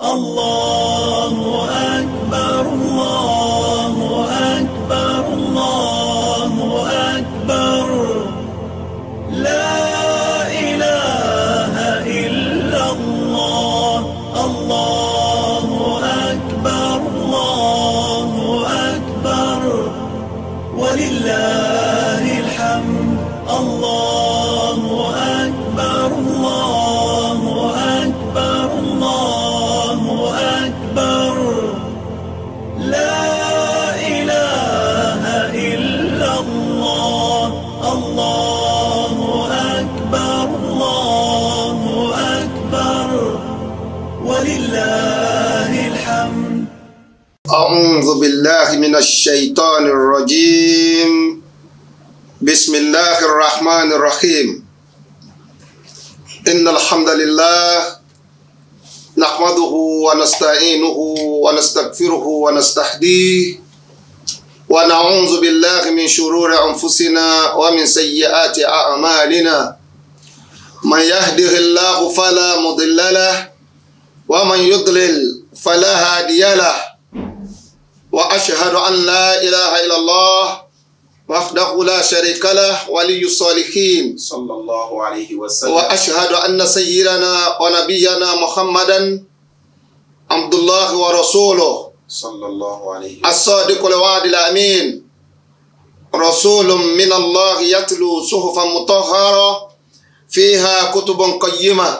الله أكبر من الشيطان الرجيم بسم الله الرحمن الرحيم إن الحمد لله نحمده ونستعينه ونستغفره ونستهديه ونعوذ بالله من شرور أنفسنا ومن سيئات أعمالنا من يهده الله فلا مضل له ومن يضلل فلا هادي له وأشهد أن لا إله إلا الله وحده لا شريك له ولي الصالحين صلى الله عليه وسلم وأشهد أن سيدنا ونبينا محمدا عبد الله ورسوله صلى الله عليه وسلم الصادق الوعد الأمين رسول من الله يتلو صحفا مطهرة فيها كتب قيمة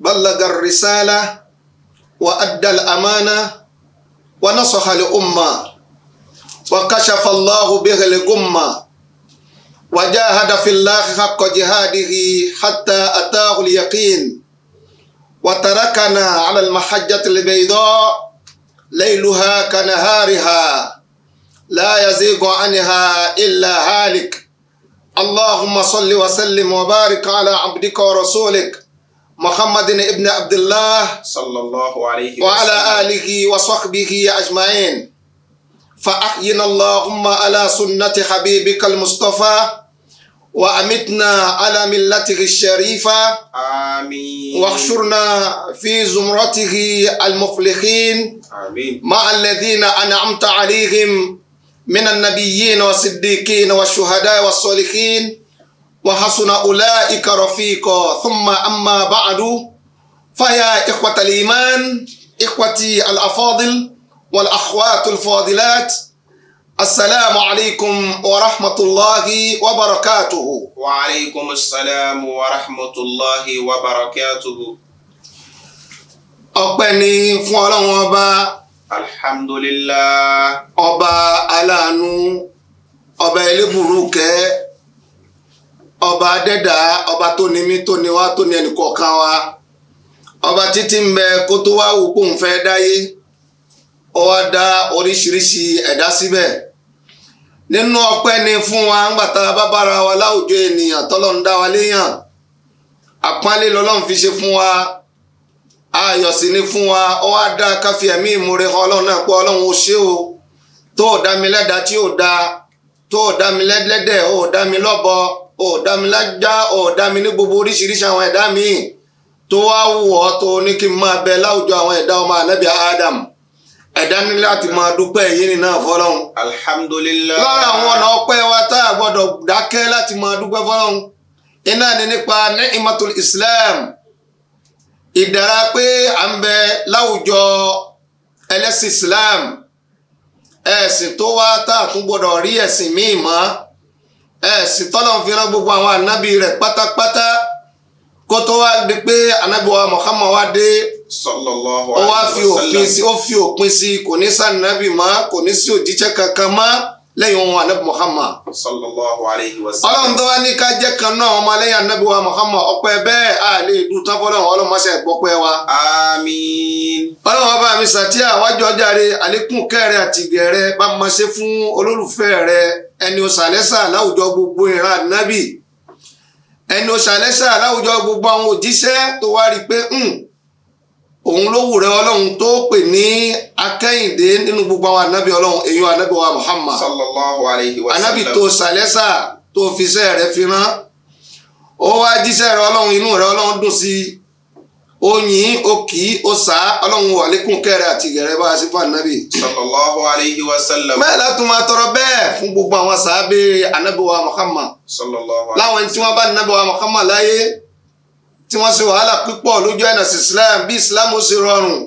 بلغ الرسالة وأدى الأمانة ونصح لأمة وكشف الله به الغمة وجاهد في الله حق جهاده حتى أتاه اليقين وتركنا على المحجة البيضاء ليلها كنهارها لا يزيغ عنها إلا هالك اللهم صل وسلم وبارك على عبدك ورسولك محمد ابن عبد الله صلى الله عليه وسلم وعلى آله وصحبه أجمعين فأحينا اللهم على سنة حبيبك المصطفى وأمتنا على ملته الشريفة آمين واحشرنا في زمرته المفلحين آمين مع الذين أنعمت عليهم من النبيين والصديقين والشهداء والصالحين وحسن أولئك رفيقا ثم أما بعد فيا إخوة الإيمان إخوتي الأفاضل والأخوات الفاضلات السلام عليكم ورحمة الله وبركاته وعليكم السلام ورحمة الله وبركاته ọpẹ́ ni fún Ọlọ́run ọba alhamdulillah ọba aláàánú ọba elébùrú kẹẹ ọba dẹ́dàá ọba tó ni mí ni wá tó ọba títí ń bẹ kó tó wá wò fẹ́ dáyé ó dá oríṣiríṣi ẹ̀dá síbẹ̀ nínú ọpẹ́ ni fún wa ńgbà tá a wa láwùjọ ènìyàn tọ́lọ́run dá wa léèyàn fi ṣe fún wa fún wa ó wá dá káfí ẹ̀mí ìmúre ọlọ́run o tó o dá mi lẹ́dàá tí da tó o dá ọ̀dà mi lájá ọ̀dà mi ní gbogbo oríṣiríṣi àwọn ẹ̀dá mi tó wá wù ọ́ tó ní kí n máa bẹ láwùjọ àwọn ẹ̀dá ọmọ ànábì Adam ẹ̀dá ní láti máa dúpẹ́ èyí nìna fọlọ́run. alhamdulilayi. lára àwọn ọ̀nà ọpẹ́ wa tá a gbọ́dọ̀ dákẹ́ láti máa dúpẹ́ fọlọ́run iná ni nípa ní imatul Islam ìdára pé à ń bẹ láwùjọ ẹlẹ́sìn Islam ẹ̀sìn tó wá tá a tún gbọ́dọ̀ rí ẹ̀sìn míì mọ́ ẹ̀sìn tọ́lọ́n fi rán gbogbo àwọn ànábì rẹ̀ pátápátá kó tó wá di pé ànábì wa Muhammad wá dé ó wá fi òpin sí ó fi òpin sí kò ní sí ànábì mọ́ kò ní sí òjíṣẹ́ kankan mọ́ lẹ́yìn ohun ànábì Muhammad. ọlọ́run tó wá ní ká jẹ́ kan náà ọmọ lẹ́yìn ànábì wa Muhammad ọpẹ́ bẹ́ẹ̀ a lè dùn tán fọlọ́run ọlọ́mọṣẹ́ gbọ́pẹ́ wa. àmín. ọlọ́run ọba mi sàtí àwájú ọjà rẹ àlékún kẹrẹ àtìgẹrẹ bá máa ṣe fún olólùfẹ́ rẹ ẹni òṣàlẹ́sà láwùjọ gbogbo ìran ànábì ẹni òṣàlẹ́sà láwùjọ gbogbo àwọn òjíṣẹ́ tó wá rí i pé hmm, òun ló wù rẹ ọlọ́run tó pè ní akẹ́yìndé nínú gbogbo àwọn ànábì ọlọ́run èyàn ànábì wa Muhammad sallallahu alayhi wa sallam ànábì tó ṣàlẹ́sà tó fiṣẹ́ rẹ fi rán ó wá jíṣẹ́ rẹ ọlọ́run inú rẹ ọlọ́run dùn sí i oyin oki osa ọlọ́run alekun kẹrẹ àti gẹrẹ bá a sí fún anabi. sallallahu alayhi wa sallam. bẹ́ẹ̀ la tún máa tọrọ bẹ́ẹ̀ fún gbogbo àwọn sàábé anabi muhammad. sallallahu alayhi wa sallam. láwọn tí wọ́n bá anabi wa muhammad láyé tí wọ́n ṣe wàhálà púpọ̀ lójú ẹ̀nà sí islam bí islam ó ṣe rọrùn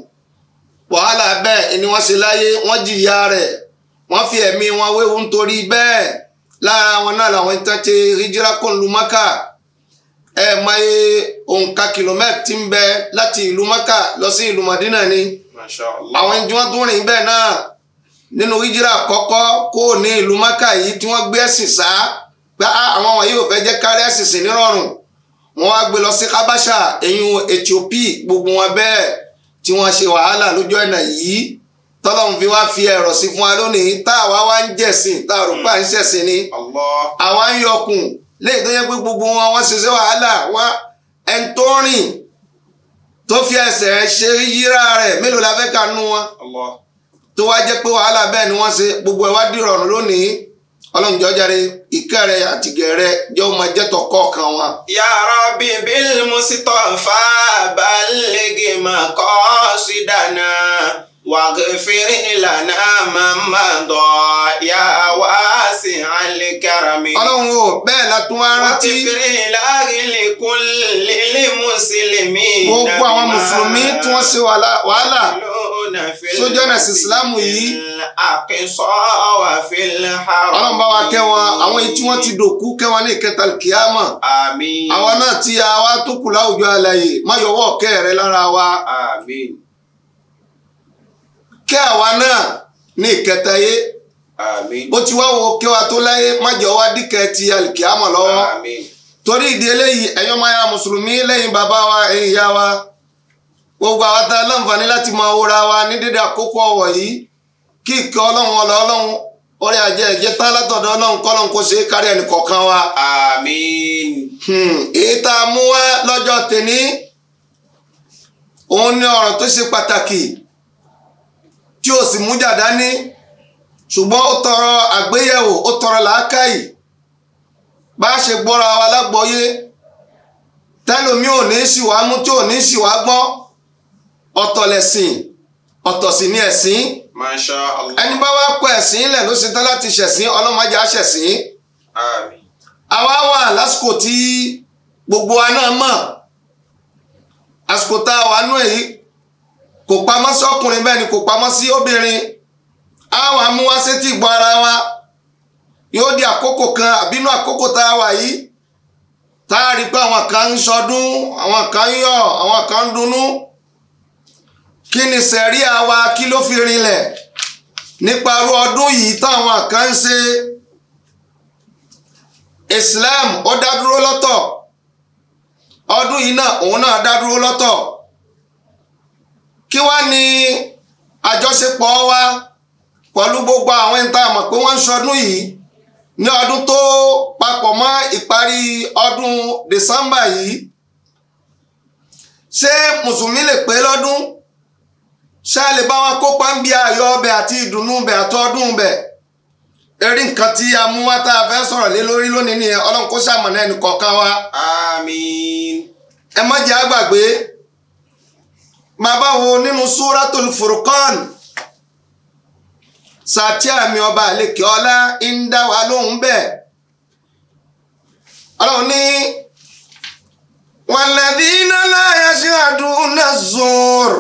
wàhálà bẹ́ẹ̀ ni wọ́n ṣe láyé wọ́n jìyà rẹ̀ wọ́n fi ẹ̀mí wọn wéwu nítorí bẹ́ẹ̀ lára wọn náà làwọn ìtàn ṣe hijira kó ẹ mọye òǹkà kìlómẹ́tì tí ń bẹ láti ìlú maka lọ sí ìlú madina ni àwọn ẹni tí wọ́n tún rìn bẹ́ẹ̀ náà nínú hijira àkọ́kọ́ kó ní ìlú maka yìí tí wọ́n gbé ẹ̀sìn sá pé àwọn wọ̀nyí ò fẹ́ jẹ́ kárí ẹ̀sìn sí nírọ̀rùn wọ́n wá gbé lọ sí habasha ẹ̀yìn ethiopia gbogbo wọn bẹ́ẹ̀ tí wọ́n ṣe wàhálà lójú ọ̀nà yìí tọ́lọ́run fi wá fi ẹ̀rọ sí fún wa lónìí tá àwa wá ń jẹ̀sìn tá àrùpá ń hmm. ṣẹ̀sìn ni àwa ń yọkùn léyìí tó yẹ pé gbogbo wọn wọ́n ṣiṣẹ́ wàhálà wọn ẹni tó rìn tó fi ẹsẹ̀ ṣe yíra rẹ̀ mélòó la fẹ́ kanú wọn tó wá jẹ́ pé wàhálà bẹ́ẹ̀ ni wọ́n ṣe gbogbo ẹ̀ wá dìrọ̀rùn lónìí ọlọ́run jọ̀ọ́ jàre ìkẹ́ rẹ àti ìgẹ̀ rẹ yóò máa jẹ́tọ̀ kọ̀ọ̀kan wa. ya Rabbi bil Mustafa balligh maqasidana. واغفر لنا من مضى يا واسع الكرم. ọlọ́run o bẹ́ẹ̀ la tún wá rántí. wọ́n ti fèrè láàrínlẹ̀ kó lélẹ̀ mùsùlùmí. gbogbo àwọn mùsùlùmí tí wọ́n ṣe wàhálà sójú ọ̀nà ìsìlámù yìí. ọlọ́run bá wa kẹ́ wọn àwọn èyí tí wọ́n ti dòkú kẹ́ ní ìkẹta kìámà. àmín. náà ti àwa tó kù láwùjọ àlàyé má yọwọ́ ọ̀kẹ́ rẹ lára wa. àmín. kẹ́ àwa náà ní ìkẹta yé bó ti wá wo kí wa tó láyé májọ wá dìkẹ́ ti àlìkíámọ̀ lọ́wọ́ torí ìdí eléyìí ẹ̀yọ́ máa lẹ́yìn bàbá wa ẹ̀yìn ìyá wa gbogbo àwọn tá lọ́nfààní láti mọ wa ní àkókò ọ̀wọ̀ yìí kí ìkẹ́ ọlọ́run ọlọ́run orí ajé ẹ̀jẹ̀ tá látọ̀dọ̀ ọlọ́run wa. Hmm, èyí tá a mú wá lọ́jọ́ tèmi òun tí ó sì mú jàdá ní ṣùgbọ́n ó tọrọ àgbéyẹ̀wò ó tọrọ làákàyè bá a ṣe gbọ́ra wa lágbọ́yé tẹ́lómi ò ní ṣì wá mú tí ò ní ṣì wá gbọ́ ọ̀tọ̀ lẹ̀sìn ọ̀tọ̀ sì ni ẹ̀sìn Masha Allah ẹni bá wá kọ ẹ̀sìn ilẹ̀ ló ṣe tán láti ṣẹ̀sìn ọlọ́mọdé á àwa wà lásìkò tí gbogbo wa mọ̀ àsìkò tá a wà nú èyí kò pamọ́ sí ọkùnrin bẹ́ẹ̀ ni kò pamọ́ sí obìnrin àwọn amúwásétì gbọ́ ara wa yóò di àkókò kan àbínú àkókò tá a wà yìí tá a rí pé àwọn kan ń sọdún àwọn kan ń yọ̀ àwọn kan ń dunnú kí ni sẹ̀rí àwa kí ló fi rinlẹ̀ nípa irú ọdún yìí táwọn kan ń ṣe Islam ó dá lọ́tọ̀ ọdún yìí náà òun náà dá dúró lọ́tọ̀. kí wá ní àjọṣepọ̀ wa pẹ̀lú gbogbo àwọn ẹni tá a mọ̀ pé wọ́n ń ṣọdún yìí ní ọdún tó papọ̀ mọ́ ìparí ọdún dẹ̀sánbà yìí ṣé mùsùlùmí lè pé lọ́dún ṣá lè bá wọn kópa ń bí ayọ̀ ọbẹ̀ àti ìdùnnú ọbẹ̀ àtọ́dún ọbẹ̀ erí nǹkan tí a mú wá tá a fẹ́ sọ̀rọ̀ lé lórí lónìí nìyẹn ọlọ́run kó ṣàmọ̀nà ẹnì kọ̀ọ̀kan wa. àmín. ẹ má jẹ́ àgbàgbé máa bá wo nínú Suratul Furqan sàtí àmì ọba àlekè ọlá ń dá wa lóhùn bẹ́ẹ̀ ọlọ́run ní walladhina la yashhaduna az-zur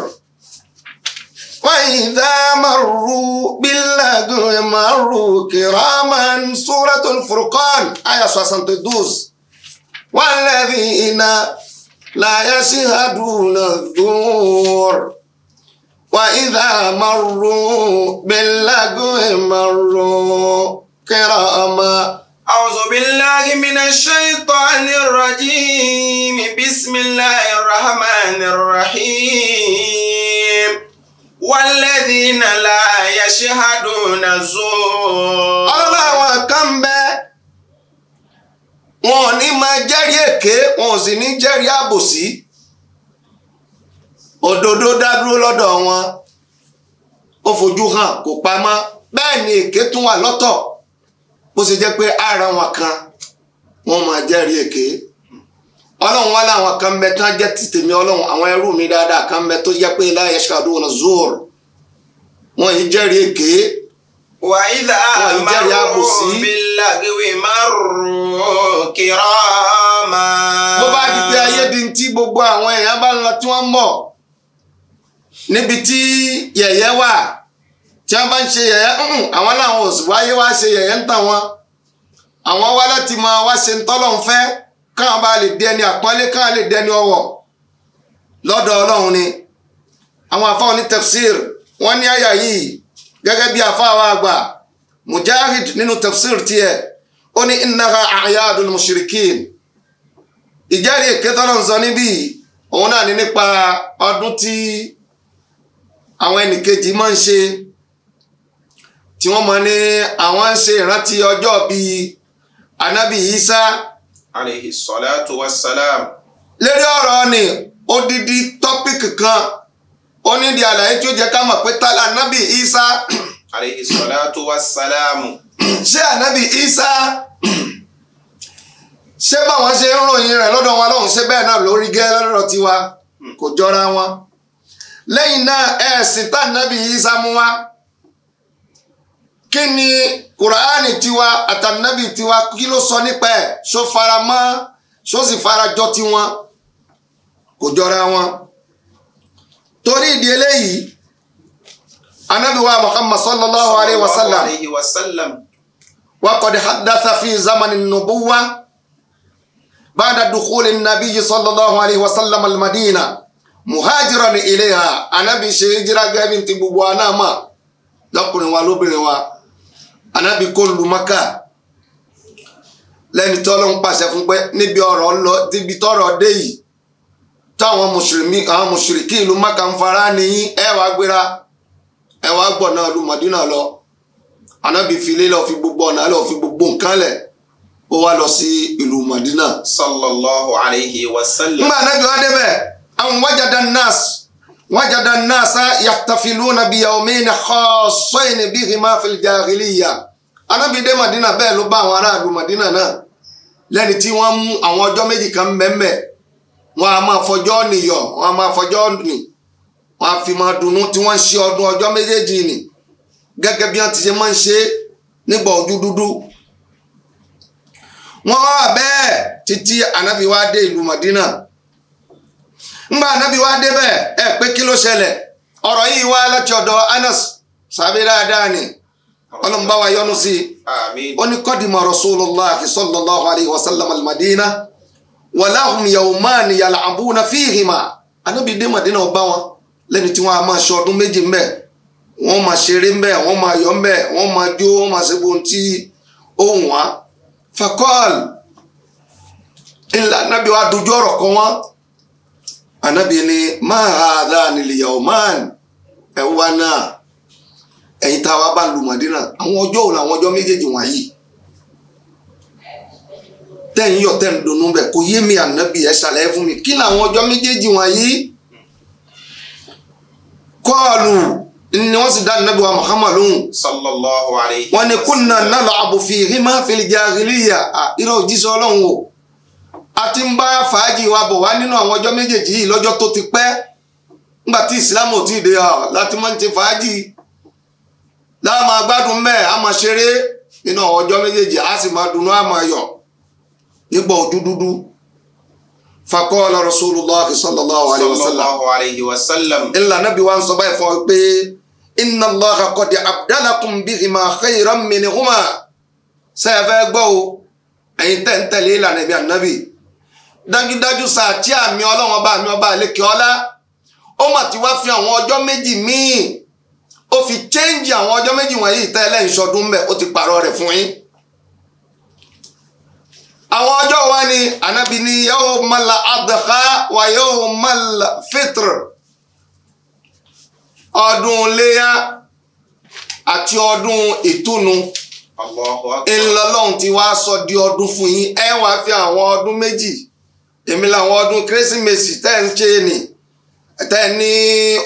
wa idha marru bil-lagwi marru kiraman Suratul Furqan ayà 72 walladhina. لا يشهدون الزور وإذا مروا باللغو مروا كراما أعوذ بالله من الشيطان الرجيم بسم الله الرحمن الرحيم والذين لا يشهدون الزور الله وكم wọn n'i ma máa jẹ́rìí èké wọn ò sì ní jẹ́rìí àbòsí òdodo dádúró lọ́dọ̀ wọn ó fojú hàn kò pamọ́ bẹ́ẹ̀ ni èké tún wà lọ́tọ̀ bó ṣe jẹ́ pé ara wọn kan wọn ma jẹ́rìí èké ọlọ́run wá láwọn kan bẹ tán jẹ́ ti tèmi ọlọ́run àwọn ẹrú mi dáadáa kan bẹ tó jẹ́ pé láyé la yashkaduna zuur wọn yìí jẹ́rìí èké wà ìdá àmàrò bíláàgbéwé márùn kìrọ́mà. bó bá di pé ayé di ti gbogbo àwọn èèyàn bá ń lọ tí wọ́n ń bọ̀ níbi tí yẹ̀yẹ́ wà tí wọ́n bá ń ṣe yẹ̀yẹ́ àwọn làwọn ò sì wáyé wá ṣe yẹ̀yẹ́ ń tàn wọ́n àwọn wá láti máa wá ṣe ni tafsir wọ́n ní gẹ́gẹ́ bí àfáàwá àgbà mujahid nínú tafsir tiẹ̀ ó ní innaha a'yadul mushrikin ìjẹ́rìí ìkétọ́nà ń sọ níbí òun náà ní nípa ọdún tí àwọn ẹnìkejì máa ń ṣe tí wọ́n mọ̀ ní àwọn ń ṣe ìrántí ọjọ́ bíi anabi isa alayhi salatu wassalam lérí ọ̀rọ̀ ni odidi tọ́pìkì kan ó ní di àlàyé tí ó jẹ́ ká mọ̀ pé tálà nábì Isa. alayhi salatu wassalamu. ṣé ànábì Isa ṣé báwọn ṣe ń ròyìn rẹ̀ lọ́dọ̀ wọn lọ́hùn ṣé bẹ́ẹ̀ náà lórí gẹ́ lọ́dọ̀ tiwa hmm. kò jọra wọn lẹ́yìn náà ẹ̀sìn tànàbì Isa mú wa kí ni kùránì tiwa àtànàbì tiwa kí ló sọ nípa ẹ̀ ṣó fara mọ́ ṣó sì fara jọ tiwọn kò jọra wọn torí ìdí eléyìí anabiwa muhammad sallallahu alayhi wa sallam wa qad haddatha fi zamanin nubuwa ba'da dukhuli nabiyyi sallallahu alayhi wa sallam al-madina muhajiran ilayha anabi ṣe hijira gẹ́gẹ́ ti gbogbo anáàmà lọ́kùnrin wa lóbìnrin wa anabi kó lu maka lẹ́ni tọ́lọ́ ń pàṣẹ fún pé níbi ọ̀rọ̀ lọ níbi dé yìí táwọn mùsùlùmí àwọn mùsùlùkí ìlú Mákà ń fara nìyí ẹ wá gbéra ẹ wá gbọ̀ náà lu Mọ̀dínà lọ anábì filé lọ fi gbogbo ọ̀nà lọ fi gbogbo nǹkan lẹ̀ ó wá lọ sí ìlú Mọ̀dínà. sallallahu alayhi wa sallam. nígbà anábì wá débẹ̀ àwọn wájàdá nas wájàdá nas yaktafiluna bi yawmin khassayn bihima fil jahiliyya anábì dé Mọ̀dínà bẹ́ẹ̀ ló bá àwọn aráàlú Mọ̀dínà náà lẹ́ni tí wọ́n mú àwọn ọjọ́ méjì kan mẹ́mẹ́ wọn a máa fọjọ́ nìyọ̀ wọn a máa fọjọ́ nì wọn a fi máa dùnnú tí wọ́n ń ṣe ọdún ọjọ́ méjèèjì nì gẹ́gẹ́ bí wọ́n ti ṣe máa ń ṣe nígbà ojú dúdú. wọ́n wá bẹ́ẹ̀ títí ànábì wá dé ìlú Madina ńgbà ànábì wá dé bẹ́ẹ̀ ẹ pé kí ló ṣẹlẹ̀ ọ̀rọ̀ yìí wá láti ọ̀dọ̀ Anas sàbí dáadáa ni ọlọ́mùbáwá yọ́nú sí i ó ní kọ́dìmọ̀ Rasulullah sallallahu alayhi wa sallam wàláhùn yawman yal'abuna fíhìmà anábì dé màdínà ọba wọn lẹ́ni tí wọ́n á máa ṣe ọdún méjì ńbẹ̀ wọ́n máa ṣeré ńbẹ̀ wọ́n máa yọ̀ ńbẹ̀ wọ́n máa jó wọ́n máa ṣe bóun tí ohun wá ńlá anábì wa dojú ọ̀rọ̀ kan wọ́n anábì ni ma hadhani al-yawman ẹ̀ wá náà ẹ̀yin tá a wá bá lù màdínà àwọn ọjọ́ òun àwọn ọjọ́ méjèèjì wọ̀nyí tẹ́ ń yọ̀ tẹ́ ń dùnnú bẹ̀ kò yé mi ànábì ẹ̀ ṣàlàyé fún mi kí làwọn ọjọ́ méjèèjì wọ̀nyí kọ́ọ̀lù ni wọ́n sì dá ànábì wa Muhammad lóhùn sallallahu alayhi wọ́n ní kunna nal'abu fihima fil jahiliya ìrọ̀ òjíṣẹ́ ọlọ́run o a ti ń bá fàájì wa bọ̀ wá nínú àwọn ọjọ́ méjèèjì yìí lọ́jọ́ tó ti pẹ́ nígbà tí ìsìlámù ò tí ì dé ọ láti máa ń ṣe fàájì láà máa gbádùn mẹ́ẹ̀ á máa ṣeré nínú àwọn ọjọ́ nígbà ojú dúdú fakọ́ọ̀lá rasulullah sallallahu alayhi wa sallam ńlá nàbí wa ń sọ báyìí fún ọ pé inna allaha qad abdalakum bihima khayran minhuma sẹ́yìn fẹ́ gbọ́ o ẹ̀yin tẹ̀ǹtẹ̀lé ìlànà ibi ànábì dájúdájú sàtí àmì ọlọ́run ọba àmì ọba àlékè ọlá ó mà ti wá fi àwọn ọjọ́ méjì míì ó fi chẹ́ǹjì àwọn ọjọ́ méjì wọ̀nyí tẹ́lẹ̀ ìṣọdún mbẹ́ ó ti pààrọ̀ rẹ̀ fún yín àwọn ọjọ́ wa ni anabi ni yawmal adha wa yawmal fitr ọdún léyà àti ọdún ìtúnu ńlọlọ́run ti wá sọ di ọdún fún yín ẹ wá fi àwọn ọdún méjì èmi làwọn ọdún kérésìmesì tẹ́ ń ṣe ni tẹ́ ní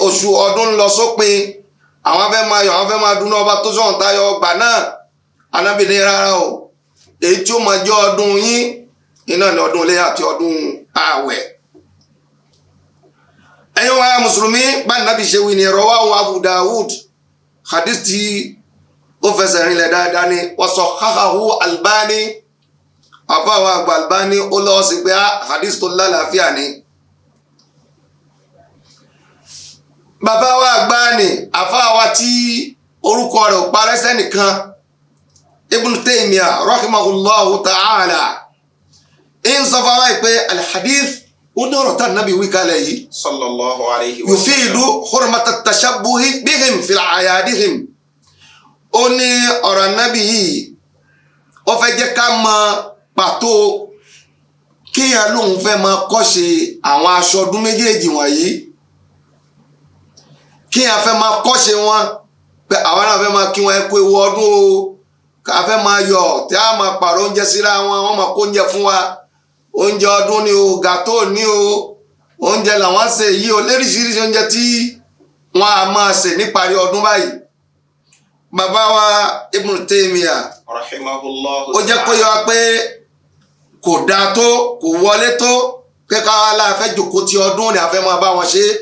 oṣù ọdún lọ sópin àwọn afẹ́ máa yọ àwọn afẹ́ máa dúná ọba tó sọ̀hún tayọ ọgbà náà anábìnrin rárá o èyí tí ó máa jẹ́ ọdún yín iná ni ọdún iléyà àti ọdún ààwẹ̀ ẹ̀yin wa mùsùlùmí bá nàbì ṣe wí ni rọwá wa Abu Dawud hadith tí ó fẹsẹ̀ rinlẹ̀ dáadáa ni wọ́sọ̀ hahahu Albani àbáwọ̀ àgbà Albani ó lọ́wọ́ sí pé ah, hadith tó lálàáfíà ni. bàbá wa àgbà ni àfáà wa tí orúkọ rẹ̀ ò parẹ́sẹ́ nìkan ibn taymiya rahimahullahu ta'ala in sọ fún wa pé alhadith ó ní ọ̀rọ̀ tá nàbí wí kalẹ̀ yìí. sallallahu alayhi wa sallam. yufidu hurmata tashabuhi bihim fil ayadihim. ó ní ọ̀rọ̀ nàbí yìí ó fẹ́ jẹ́ ká mọ pàtó kéèyàn lóun fẹ́ máa kọ́ṣe àwọn aṣọ ọdún méjèèjì wọ̀nyí kéèyàn fẹ́ máa kọ́ṣe wọn pé àwọn náà fẹ́ máa kí wọn ẹ kú ewu ọdún o káfẹ́ máa yọ tí a máa pààrọ̀ oúnjẹ síra wọn wọ́n máa kó oúnjẹ fún wa oúnjẹ ọdún ni o gàtó ni o oúnjẹ làwọn ṣe yí o léríṣiríṣi oúnjẹ tí wọn a máa ṣe níparí ọdún báyìí bàbá wa Ibn Taymiyyah ó jẹ́ kó yọ pé kò dáa tó kò wọlé tó pé káwa la fẹ́ ti ọdún ni a máa bá wọn ṣe é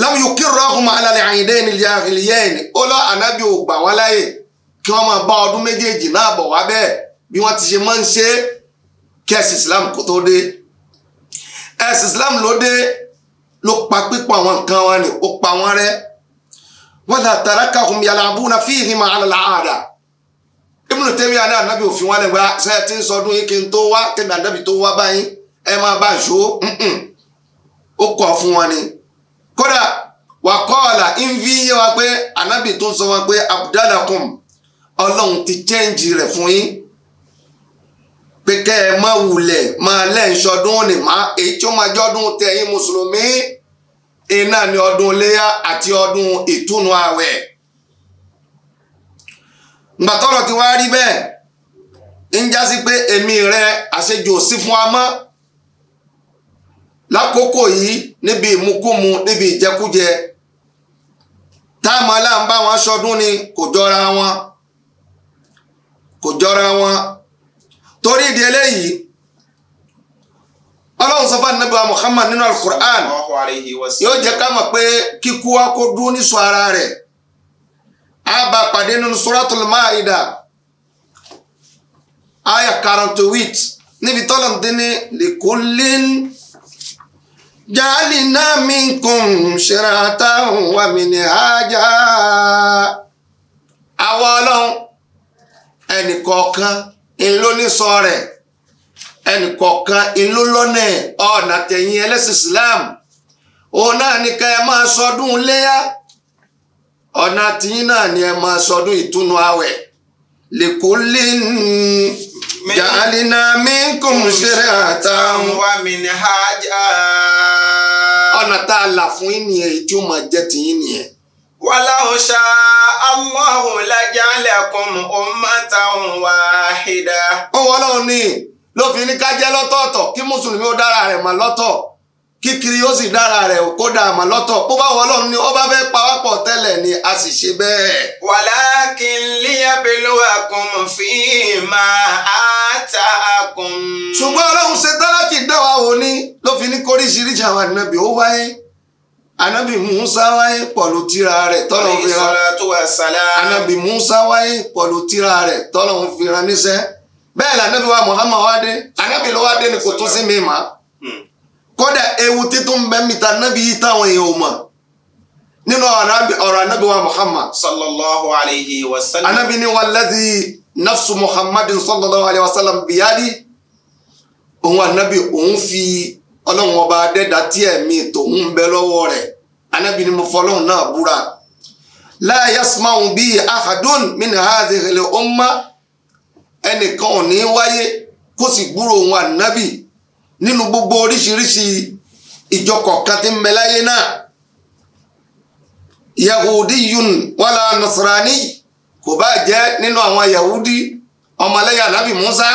lam yukirrahum ala al-'idayni al-jahiliyayni ó lọ ànábì ò gbà wọn láyè kí wọ́n máa bá ọdún méjèèjì náà bọ̀ wá bẹ́ẹ̀ bí wọ́n ti ṣe máa ń ṣe kí Islam kó tó dé ẹ̀sìn Islam ló dé ló pa pípọ̀ àwọn nǹkan wọn ni ó pa wọ́n rẹ́ wala tarakahum yalabuna fihim ala al-aada Ibn Taymiyyah àná ànábì òfin wọn lẹ́gbàá sẹ́yìn tí ń sọdún yìí kí n tó wá tẹ̀mí ànábì tó wá báyìí ẹ máa bá ṣó ó kọ̀ fún wọn ni kódà wàkọ́ọ̀là ń fi yé wa pé ànábì tó ń sọ wọn pé abdalakum ọlọ́run ti chẹ́ǹjì rẹ̀ fún yín pé kẹ́ ẹ má wulẹ̀ máa lẹ́ǹṣọdún ní má èyí tí ó máa jọ́dún tẹ̀yìn mùsùlùmí iná ni ọdún iléyà àti ọdún ìtúnu ààwẹ̀ gbàtọ́rọ̀ ti wá rí bẹ́ẹ̀ ń jásí pé èmi rẹ àṣejù ò sí fún wa mọ́ lákòókò yìí níbi ìmukúmu níbi ìjẹkújẹ táàmù aláǹbá wọn ṣọdún ni kò jọra wọn. kò jọra wọn torí ìdí eléyìí ọlọ́run sọ fún anabi muhammad nínú alukur'an yóò jẹ́ ká mọ̀ pé kíkú wa kó dúró níṣọ ara rẹ̀ á bá pàdé nínú suratul maida aya karantó wit níbi tọ́lọ̀ ń dín ní likullin jaalina minkum shiratan wa minhaja àwa ọlọ́run ẹnìkọ̀ọ̀kan ńlóníṣọ rẹ̀ ẹnìkọ̀ọ̀kan ńlólọ́nà ọ̀nà tẹ̀yìn ẹlẹ́sìn Islam òun náà ni ká ẹ máa sọdún léyà ọ̀nà tìyín náà ni ẹ máa sọdún ìtúnu àwẹ̀ lèkúlé jàlínà minkum shir'atan wa minhaja. ọ̀nà tá a là fún yín nìyẹn ìtumọ̀ jẹ́ tìyín nìyẹn walau sha'a Allahu laja'alakum ummatan wahida. ó wọ́n lọ́wọ́ ní ló fi ní ká jẹ́ lọ́tọ̀ọ̀tọ̀ kí mùsùlùmí ó dára rẹ̀ mà lọ́tọ̀ kíkiri ó sì dára rẹ̀ kó dáa mà lọ́tọ̀ bó bá wọ́n lọ́wọ́ ní ó bá fẹ́ pawápọ̀ tẹ́lẹ̀ ni a sì ṣe bẹ́ẹ̀. walakin liyabluwakum fima ataakum. ṣùgbọ́n ọlọ́run ṣe láti dá wa wò ní ló ní kóríṣiríṣi àwọn ànábì ó wáyé anabi musa wáyé pọ̀lú tírà rẹ̀ tọ́lọ̀ ń fira anabi musa wáyé pọ̀lú tírà rẹ̀ tọ́lọ̀ ń fira níṣẹ́ bẹ́ẹ̀ la anabi wa muhammad wá dé anabi ló wá dé ni kò tún sí mi ma hmm. kódà ewu títún bẹ́ẹ̀ mi ta anabi yìí táwọn èèyàn ò mọ̀ nínú ọ̀rọ̀ anabi wa muhammad. sallallahu alayhi wa sallam. anabi ni walladhi nafsu muhammadin sallallahu alayhi wa sallam biyadi òun anabi òun fi ọlọ́run ọba adẹ́dá tí ẹ̀mí tòun ń bẹ lọ́wọ́ rẹ̀ anábì ni mo fọlọ́run náà búra la yasma'u bi ahadun min hadhihi al-umma ẹnìkan ò ní wáyé kó sì gbúrò òun ànábì nínú gbogbo oríṣiríṣi ìjọ kọ̀ọ̀kan tí ń bẹ láyé náà yahudi yun wala nasrani kò bá jẹ́ nínú àwọn yahudi ọmọlẹ́yà ànábì musa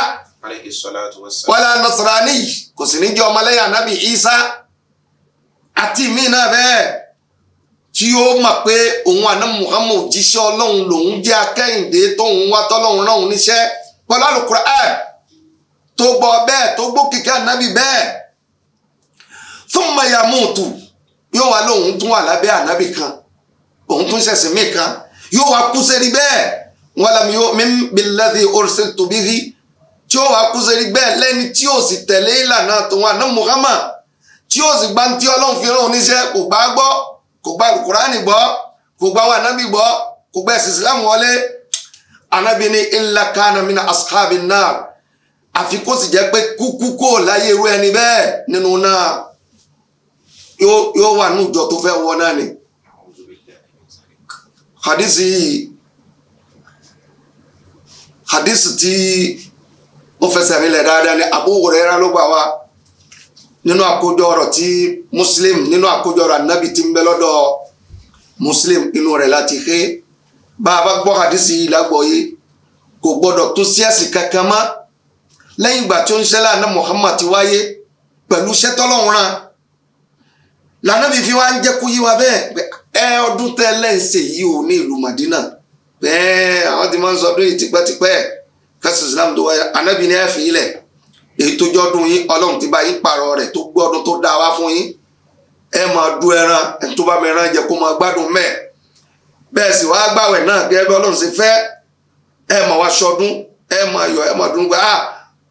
wala nasrani kò sì ní jẹ́ ọmọlẹ́yìn ànábì Isa àti ìmí náà bẹ́ẹ̀ tí ó mọ̀ pé òun àná Muhammad òjíṣẹ́ ọlọ́run lòun jẹ́ akẹ́yìndé tóun wá tọ́lọ́run ráhùn níṣẹ́ pẹ̀lú Al-Qur'an tó gbọ́ bẹ́ẹ̀ tó gbọ́ kíkẹ́ ànábì bẹ́ẹ̀ thumma yamutu yóò wá lóun tún wà lábẹ́ ànábì kan òun tún ṣẹ̀sìn mí kan yóò wá kú sẹ́ni bẹ́ẹ̀ walam yu'min billadhi ursiltu bihi tí ó wàá kú sẹ́rí bẹ́ẹ̀ lẹ́ni tí ó sì tẹ̀lé ìlànà tòun àná Muhammad tí ó sì gba ti ọlọ́run fi rán oníṣẹ́ kò gbà gbọ́ kò gba alukurani gbọ́ kò gba wa anabi gbọ́ kò gba ẹ̀sìn islam wọlé anabi ni illa kana mina ashabi náà àfi kó sì jẹ́ pé kúkú kò láyé irú ẹni bẹ́ẹ̀ nínú náà yóò wà ní ìjọ tó fẹ́ wọ náà ni hadisi hadisi ti ó fẹsẹ̀ rinlẹ̀ dáadáa ní Abu Huraira ló gbà wá nínú àkójọ ọ̀rọ̀ tí Muslim nínú àkójọ ọ̀rọ̀ anabi ti ń bẹ lọ́dọ̀ Muslim inú rẹ̀ láti ké bá a bá gbọ́ hadisi yìí lágbọ̀ yìí kò gbọ́dọ̀ tún sí ẹ̀sìn kankan mọ́ lẹ́yìn ìgbà tí ó ń ṣẹlẹ̀ àná Muhammad ti wáyé pẹ̀lú ṣẹ́tọ́lọ́run lànàbí fi wá ń jẹ́ yí wa bẹ́ẹ̀ ẹ ọdún tẹ́ lẹ́ǹsẹ̀ yìí ò ní ìlú Madina bẹ́ẹ̀ àwọn ti máa ń sọdún yìí tipẹ́tipẹ́ kẹsì islam tó wáyà anabi ní ẹ̀fì ilẹ̀ èyí tó jọ́dún yín ọlọ́run ti bá yín pààrọ̀ rẹ̀ tó gbé ọdún tó dá wá fún yín ẹ máa du ẹran ẹni tó bá mi ẹran jẹ kó máa gbádùn mẹ́ẹ̀ bẹ́ẹ̀ sì wàá gbàwẹ̀ náà bí ẹbí ọlọ́run ṣe fẹ́ ẹ máa wá ṣọdún ẹ máa yọ̀ ẹ máa dùn gbà á ah,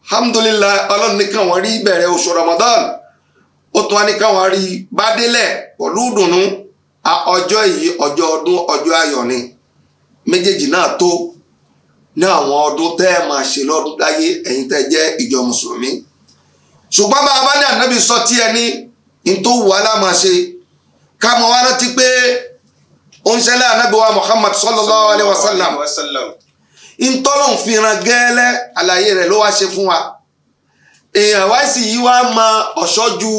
alhamdulillah ọlọ́run ní káwọn rí ìbẹ̀rẹ̀ oṣù ramadan ó tún wá ní káwọn rí bá délẹ̀ pọ̀lú ìdùnnú yìí ọjọ́ ọdún ọjọ́ ayọ̀ ni méjèèjì náà tó ní àwọn ọdún tẹ́ ẹ máa ṣe lọ́dún láyé ẹ̀yin tẹ́ jẹ́ ìjọ mùsùlùmí ṣùgbọ́n bá a bá ní ànábì sọ tí ẹni ní tó wù á láà ṣe ká mọ wá rántí pé ó ń ṣẹlẹ̀ ànábì wa Muhammad sallallahu alayhi wa sallam ntọ́lọ́n fìran gẹ́lẹ́ àlàyé rẹ̀ ló wá ṣe fún wa èèyàn wá sì yí wá mọ ọ̀ṣọ́ ju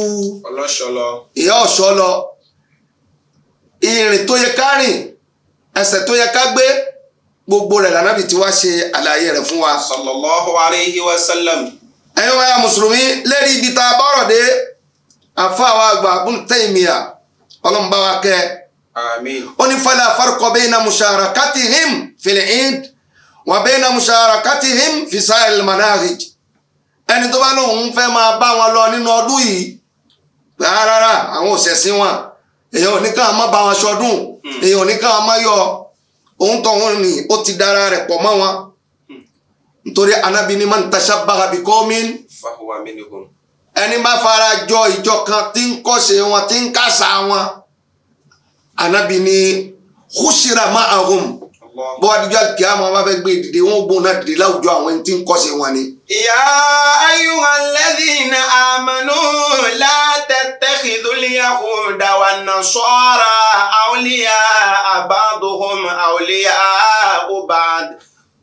ìyá ọ̀ṣọ́ lọ ìrìn tó yẹ ká rìn ẹsẹ̀ tó yẹ ká gbé gbogbo rẹ̀ lànàbì tí wàá ṣe àlàyé rẹ̀ fún wa. sallallahu alayhi wa sallam. ẹ̀yin wáyà mùsùlùmí lérí ibi tá a bọ́rọ̀ dé àfáàwọ̀ àgbà Ibn Taymiyyah ọlọ́mùbá wa kẹ́. àmín. ó ní fala farqa bayna musharakatihim fil eid wa bayna musharakatihim fi sa'il manahij. ẹni tó bá lóun fẹ́ máa bá wọn lọ nínú ọdún yìí rárá àwọn òṣèṣin wọn èèyàn ò ní káwọn má bá wọn ṣọdún hmm. èèyàn ò ní káwọn má yọ òun tọ̀hún ni ó ti dára rẹ̀ pọ̀ mọ́ wọn hmm. nítorí Ànábì ní man tashabbaha bi qawmin fahuwa minhum ẹni bá fara jọ ìjọ kan tí ń kọ́ṣe wọn tí ń kàṣà wọn Ànábì ní khushira ma'ahum bọ́wá dídí àkíyàmọ́ wọn bá fẹ́ gbé dìde wọn ó gbóná dìde láwùjọ àwọn tí ń kọ́ṣe wọn ni. يا أيها الذين آمنوا لا تتخذوا اليهود والنصارى أولياء بعضهم أولياء بعض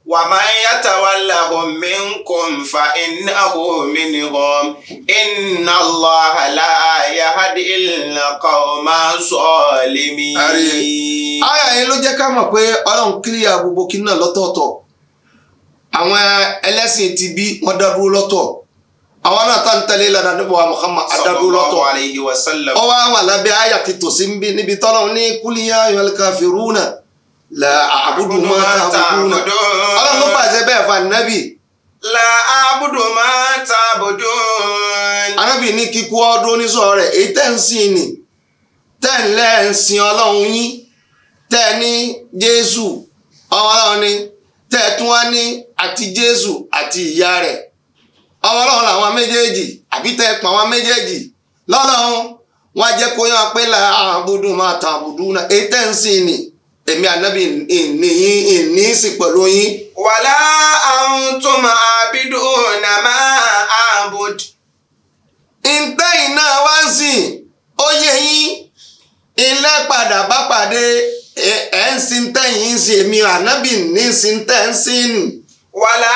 ومن يتولهم منكم فإنه منهم إن الله لا يهدي القوم الظالمين. ààrẹ ayé ló jẹ́ ká mọ̀ pé ọlọ́run kílíà gbogbo kí náà lọ́tọ̀ọ̀tọ̀ àwọn ẹlẹ́sìn ti bí wọ́n dádúró lọ́tọ̀ àwọn náà tá n tẹ̀lé ìlànà níbo Muhammad adádúró lọ́tọ̀ ọ wá wà lábẹ́ àyà ti tòsí níbi tọ́lọ́run ní kúlíyà yọlẹ káfírúnà la àbúdù máa tàbùdùnà ọlọ́run ló pàṣẹ bẹ́ẹ̀ fà nábì. la àbúdù máa tàbùdùn. anábì ní kíkú ọdún oníṣọ́ rẹ̀ èyí tẹ́ ń sìn ni tẹ́ ń lẹ́ ń sin ọlọ́run yín tẹ́ ní Jésù ọmọ tẹ́ tún wá ní àti jésù àti ìyá rẹ̀ ọmọ ọlọ́run làwọn méjèèjì àbítẹ́ tẹ́ àwọn méjèèjì lọ́lọ́run wọ́n á jẹ́ kó yán pé là àbùdù máa tàn àbùdù náà èyí tẹ́ ń sìn ni èmi ànábì ìníyín ìnísì pẹ̀lú yín. wàlá àwọn tó máa bídò nà máa àbùdù. ìtẹ́yìn náà wá ń sìn ó yẹ yín ilé padà bá pàdé ẹ̀ ń sin tẹ́yìn ń èmi ànábì ní sin tẹ́ ń sìn nù. wàlá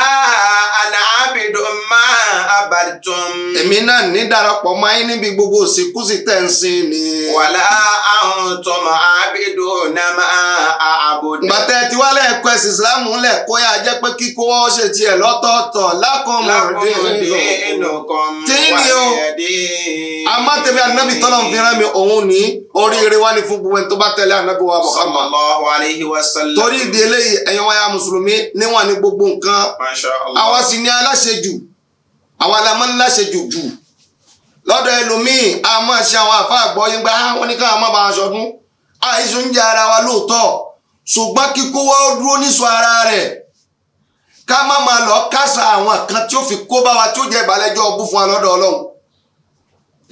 ànábìdùn máa abàtún. èmi náà ní darapọ̀ máa ń níbi gbogbo òsìkúsì tẹ̀ ń ni. wàlá àwọn tọmọ àbìdùn náà máa àbòdì. bàtà ẹ̀ tí wàá lẹ́ẹ̀kọ́ ẹ̀sìn ìsìlámù ńlẹ̀ kó yá jẹ́ pé kíkó ó ṣe tiẹ̀ lọ́tọ̀ọ̀tọ̀ lákọ̀ọ́mọdé nìkan. tí ni o àmọ́ oríire wá ní fún gbogbo ẹni tó bá tẹ̀lé ànábì wa Muhammad. sallallahu alaihi wasallam. torí ìdí eléyìí ẹ̀yin wáyà mùsùlùmí níwọ̀n ní gbogbo nǹkan gan àwa sì ní aláṣejù àwa la máa ń láṣejù jù Lọdọ ẹlòmíì a ma ṣe àwọn àfa àgbọ̀yé gba ah, wọn ní káwọn máa bá aṣọ dún àìsùn ń jẹ ara wa lóòótọ́ ṣùgbọ́n kíkó wa ó dúró níṣọ ara rẹ̀ ká má máa lọ kásá àwọn kan tí ó fi kó bá wa tí ó jẹ́ ìbálẹ́jọ́ ọbú fún wa lọ́dọ̀ ọlọ́run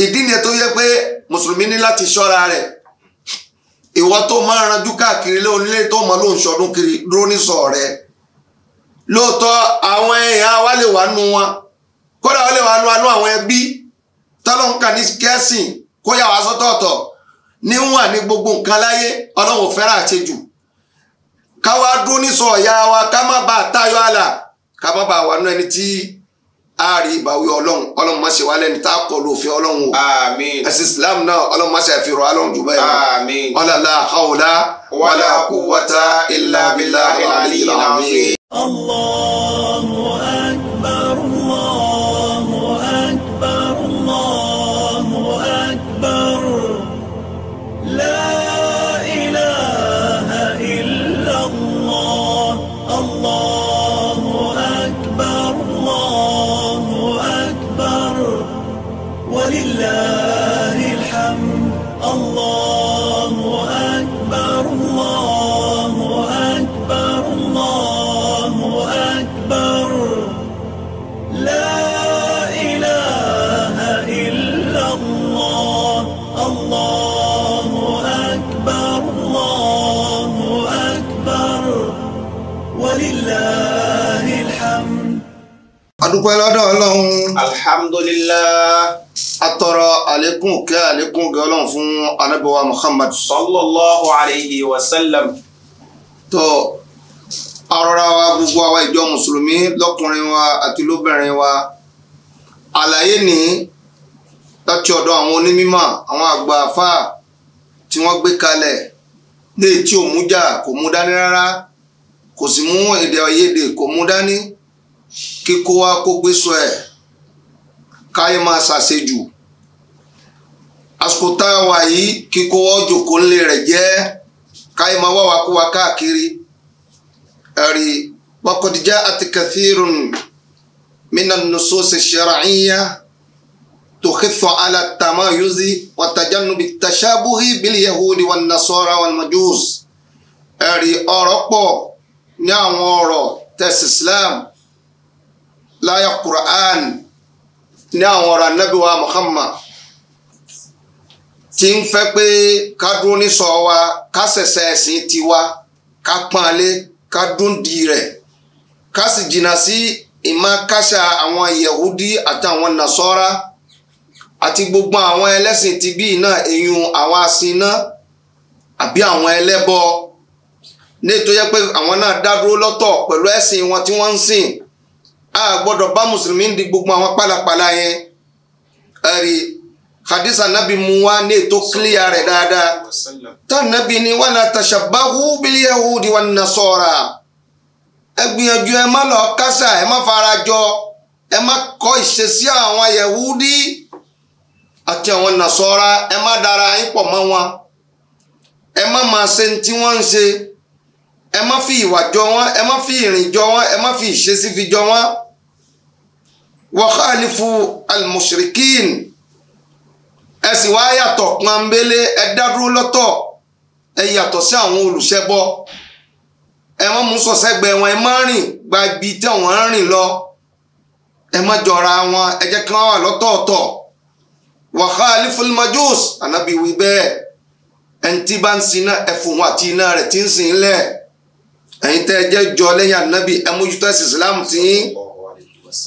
ìdí nìyẹn tó yẹ pé mùsùlùmí ní láti ṣọ́ra rẹ̀ ìwọ tó máa ranjú káàkiri lé onílé tó mọ lóun ṣọdún kiri dúró níṣọ rẹ̀ lóòótọ́ àwọn èèyàn wa lè wà nù wọn kódà wọn lè wà nù àwọn ẹbí tọ́lọ́nkà ní kẹ́sìn kó yà wá sọ́tọ̀ọ̀tọ̀ níwọ̀n ní gbogbo nǹkan láyé ọlọ́run ò fẹ́ràn àṣejù káwa dún ní sọ ọ̀yà wa ká má bàa tayọ àlà ká má bàa wà nù ẹni tí a rí ìbáwí ọlọ́run ọlọ́run má ṣe wá lẹ́ni tá a kọlu òfin ọlọ́run o ẹ̀sìn islam náà ọlọ́run má ṣe àfihàn ọlọ́run jù báyìí lọ ọlọ́lá haula wàlá kúwàtà ìlàbílà ìlàlí ìlàmí. Allahu dúpẹ́ lọ́dọ̀ ọlọ́run. alhamdulilah. atọrọ àlékún kẹ́ àlékún gẹ́ ọlọ́run fún ànábì wa muhammad. sallallahu alayhi wa sallam. tó arọra wa gbogbo àwa ìjọ mùsùlùmí lọ́kùnrin wa àti lóbìnrin wa àlàyé ní láti ọ̀dọ̀ àwọn onímọ̀ àwọn àgbà àfà tí wọ́n gbé kalẹ̀ ní etí òmújà kò mú dání rárá kò sì mú èdè àìyedè kò mú dání kíkó wa kó gbé sọ ẹ̀ káyé máa ṣàṣejù àsìkò tá a wà yìí kíkó wa jòkó ńlẹ̀ rẹ̀ jẹ́ káyé máa wá wa kó wa káàkiri ẹ̀rí wakọ̀dìjà àti kathirun minan nusus shar'iyya تخف على التمايز وتجنب التشابه باليهود والنصارى والمجوس ẹ̀rí ọ̀rọ̀ pọ̀ ní àwọn ọ̀rọ̀ tẹ̀sí Islam láyà Qur'an ní àwọn ọ̀rọ̀ anábìwá Muhammad tí ń fẹ́ pé ká dúró ní sọ wa ká ṣẹ̀ṣẹ̀ ẹ̀sìn tiwa ká pọ́nlé ká dúndì rẹ̀ ká sì jìnnà sí ìmọ̀ àwọn Yahudi àtàwọn Nasọ́ra àti gbogbo àwọn ẹlẹ́sìn ti bíi náà èyun àwọn asinná àbí àwọn ẹlẹ́bọ ní ètò yẹ pé àwọn náà dá dúró lọ́tọ̀ pẹ̀lú ẹ̀sìn wọn tí wọ́n ń sìn a gbọ́dọ̀ bá mùsùlùmí ń di gbogbo àwọn pálapàla yẹn ẹ̀rí hadith anabi mu wa ní ètò kílíà rẹ̀ dáadáa tànàbí ni wala tashabbahu bil yahudi wan nasara ẹ gbìyànjú ẹ má lọ kásá ẹ má fara jọ ẹ má kọ́ ìṣesí àwọn yahudi àti àwọn nasara ẹ má dara yín pọ̀ mọ́ wọn ẹ má máa ṣe ní tí ṣe ẹ má fi ìwà jọ wọn ẹ má fi ìrìn jọ wọn ẹ má fi ìṣesí fi jọ wọn wa khalifu al-mushrikin ẹ sì wá yàtọ̀ pọnbélé ẹ dádúró lọ́tọ̀ ẹ yàtọ̀ sí àwọn olùṣẹbọ ẹ má mú sọsẹgbẹ wọn ẹ má rìn gba ibi tí àwọn ń rìn lọ ẹ má jọra wọn ẹ jẹ́ kí wọn wà lọ́tọ̀ọ̀tọ̀ wa khalifu al-majus ànábì wí bẹ́ẹ̀ tí bá ń sin náà ẹ àti iná rẹ̀ tí ń sin lẹ́ẹ̀ ẹ̀yin tẹ́ ẹ jẹ́ jọ lẹ́yìn ànábì ẹ mójútó ẹ̀sìn islam ti yín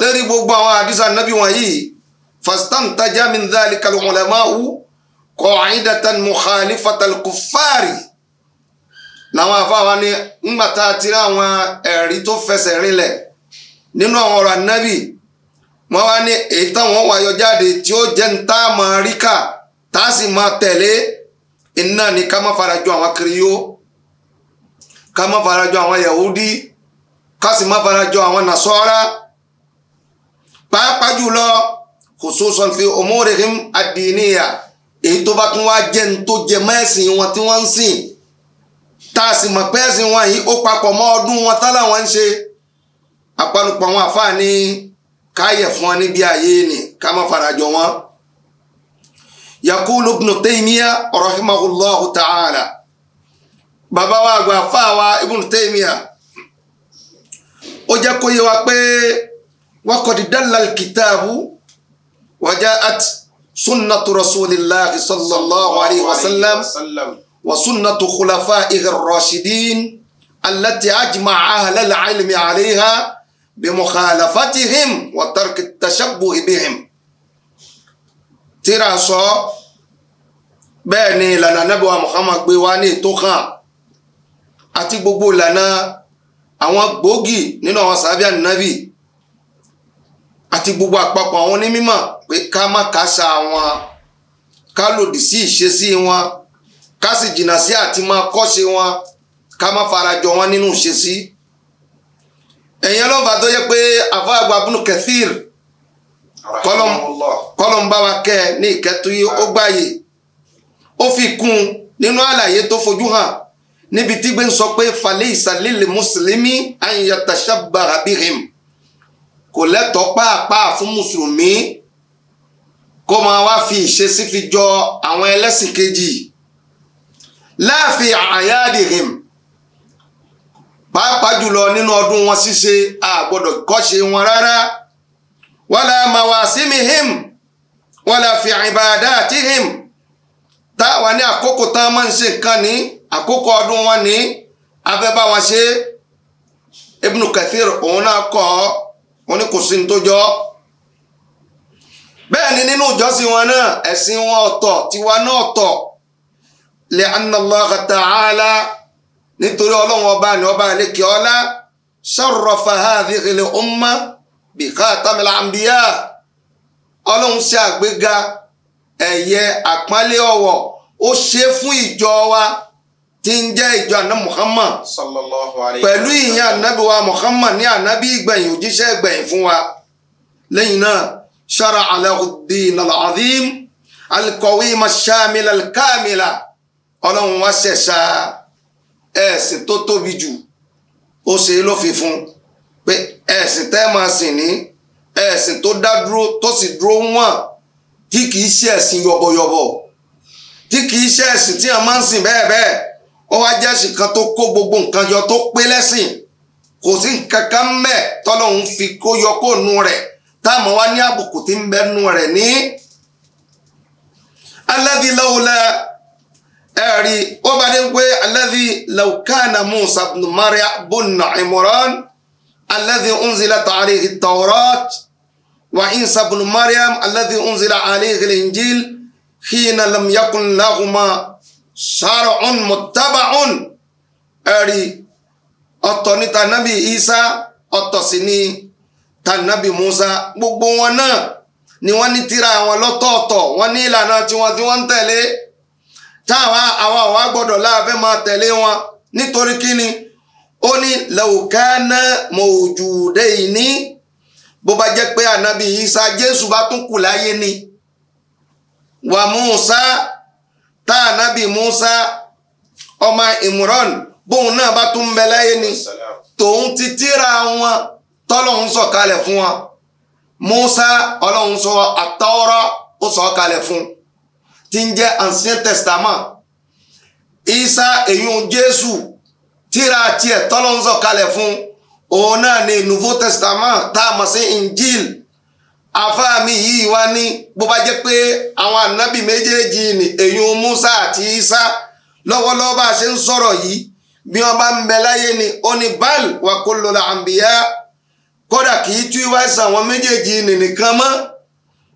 lórí gbogbo àwọn àdìsọ ànábì wọ̀nyí fastam tajà min dhalika al-ulama'u qa'idatan mukhalifatal kuffari làwọn afáwa ni ńgbà tá a ti rí àwọn ẹ̀rí tó fẹsẹ̀ rinlẹ̀ nínú àwọn ọ̀rọ̀ ànábì wọ́n wá ní èyí táwọn wáyọ jáde tí ó jẹ́ ń máa rí tá a sì máa tẹ̀lé iná ní ká má farajọ àwọn kiri yóò ká má farajọ àwọn Yahudi ká sì má farajọ àwọn Nasara pàápàá jùlọ khususan fi umurihim ad-diniya èyí tó bá tún wá jẹ́ ní tó jẹ mẹ́sìn wọn tí wọ́n ń sìn tá a sì mọ̀ pé wọn yìí ó papọ̀ mọ́ ọdún wọn tá làwọn ń ṣe àpanupọ̀ wọn àfáà káyẹ̀ fún wọn níbi ààyè ni ká má farajọ wọn. yaqulu ibn Taymiyyah rahimahullahu ta'ala bàbá wa àgbà fà wa Ibn Taymiyyah ó jẹ́ kó yé wa pé waqad dalla al-kitabu wa ja'at sunnatu rasulillahi sallallahu alayhi wa sallam wa sunnatu khulafa'ihi ar-rashidin allati ajma'a ahla al-'ilmi 'alayha bimukhalafatihim wa tarki at-tashabbuh bihim tíra sọ bẹ́ẹ̀ ni Muhammad gbé wa ní ètò kan àti gbogbo ìlànà àwọn gbòógì nínú àwọn sàbíà nàbì àti gbogbo àpapọ̀ àwọn onímọ̀ pé ká má kásá wọn ká lòdì sí ìṣesí wọn ká sì jìnnà sí àti máa kọ́ṣe wọn ká má farajọ wọn nínú ìṣesí. ẹ̀yin ọlọ́ba tó yẹ pé àfa àgbà Ibn Kathir kọ́lọ́mbà ní ìkẹ́tù yìí ó gbààyè ó fi kún un nínú àlàyé tó fojú hàn níbi tí gbé ń sọ pé falẹ́ ìsàlẹ́lẹ̀ mùsùlùmí àyìnyàtàṣà bàràbìrìm kò lẹ́tọ̀ọ́ pàápàá fún mùsùlùmí kó máa wá fi ìṣesí fi jọ àwọn ẹlẹ́sìn kejì láàfin àyàdìrìm pàápàá jùlọ nínú ọdún wọn ṣíṣe a gbọ́dọ̀ kọ́ṣe wọn rárá wala mawasimihim wala fi ibadatihim táwa ní àkókò tá a máa ń ṣe nǹkan ní àkókò ọdún wọn ní afẹ́ bá wọn ṣe Ibn Kathir òun náà kọ́ òun ní kò sí ní tó jọ bẹ́ẹ̀ ni nínú ìjọsìn wọn náà ẹ̀sìn wọn ọ̀tọ̀ tiwa náà ọ̀tọ̀ li anna Allah ta'ala nítorí ọlọ́run ọba ni ọba àlekè ọlá sharrafa hadhihi al-umma bi khatamil anbiya ọlọ́run ṣe àgbéga ẹ̀yẹ àpọ́nlé ọ̀wọ̀ ó ṣe fún ìjọ wa tí ń jẹ́ ìjọ àná Muhammad pẹ̀lú ìyẹn ànábì wa Muhammad ní ànábì ìgbẹ̀yìn òjíṣẹ́ ìgbẹ̀yìn fún wa lẹ́yìn náà ṣara aláhùdín al-azim alikọ̀wé maṣáàmìlà káàmìlà ọlọ́run wa ṣẹ̀ṣà ẹ̀sìn tó tóbi jù ó ṣe é lófin fún pé ẹ̀sìn tẹ́ máa sìn ní ẹ̀sìn tó dá dúró tó sì dúró wọ́n tí kìí ṣe ẹ̀sìn yọ̀bọ̀yọ̀bọ̀ tí kìí ṣe ẹ̀sìn tí a máa ń sìn bẹ́ẹ̀ bẹ́ẹ̀ ó wá jẹ́ ẹ̀sìn kan tó kó gbogbo nǹkan yọ tó pé lẹ́sìn kò sí nǹkan kan mẹ́ tọ́lọ́hún fi kó yọ kó nu rẹ̀ táwọn wá ní àbùkù tí ń bẹ nu rẹ̀ ní. alladhi lawla ẹ̀rí ó bá dé pé alladhi law kana Musa ibn Maryam ibn Imran alladhi unzilat alayhi at-Tawrat wa Isa ibn Maryam alladhi unzila alayhi al-Injil hina lam yakun lahuma ṣàrọ̀ún mùtábàún ẹ̀rí ọ̀tọ̀ ní tànàbí Isa ọ̀tọ̀ sí ní tànàbí Musa gbogbo wọn náà ni wọ́n ní tírà wọn lọ́tọ̀ọ̀tọ̀ wọ́n ní ìlànà tiwọn tí wọ́n ń tẹ̀lé táwọn àwọn àwọn gbọ́dọ̀ láàfẹ́ máa tẹ̀lé wọn nítorí kíni ó ní lẹ́wọ̀kánná mọ̀ọ́jùdé ìní bó bá jẹ́ pé ànábì Isa Jésù bá tún kù láyé ni wà tá ànábì Musa ọmọ Imran bóun náà bá tún bẹ láyé ni tòun ti tíra wọn tọ́lọ́hún sọ kalẹ̀ fún wọn Musa ọlọ́hún sọ àtọ́rọ́ ó sọ kalẹ̀ fún tí ń jẹ́ ancien testament Isa èyún Jésù tíra tiẹ̀ tọ́lọ́hún sọ kalẹ̀ fún òun náà ni nouveau testament tá a mọ̀ sí Injil. àfáàmì yìí wá ní bó bá jẹ́ pé àwọn ànábì méjèèjì ni èyún Musa àti Isa lọwọlọwọ bá a ṣe ń sọ̀rọ̀ yìí bí wọ́n bá ń bẹ láyé ni ó ní bal wa kullu al-anbiya kódà kì í tú ìwà ìsàn àwọn méjèèjì ni nìkan mọ́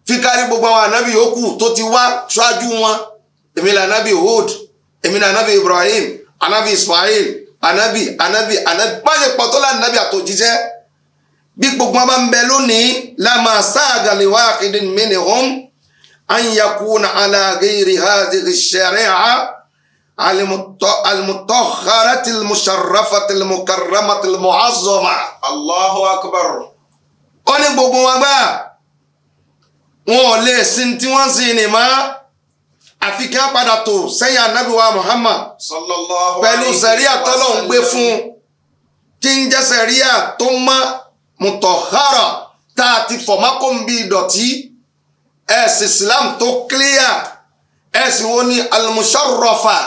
fi kárí gbogbo àwọn ànábì yòókù tó ti wá ṣáájú wọn èmi là ànábì Hud èmi là ànábì Ibrahim anabi Ismail anabi anabi anabi má ṣe pọ̀ tó lá bí gbogbo wọn bá ń bẹ lónìí lámà sáàgàlì wá àkìdí mìíràn hàn án yakú na alágéèrè ha àdìrí ṣẹ̀rẹ̀ ha alimutọ́haratil musharrafatil mukarramatil muazzama. Allahu akbar. ó ní gbogbo wọn gbà wọn ò lè sin tí wọ́n sin ní ma àfi kí a padà tó sẹ́yìn anábìwá Muhammad sallallahu pẹ̀lú sẹ̀ríà tọ́lọ́ ń gbé fún tí ń jẹ́ sẹ̀ríà tó ń mutọ̀hárọ̀ tá a ti fọ̀ mákò ń bí ìdọ̀tí islam tó clear ẹ̀sìn wo ni alimusarrafa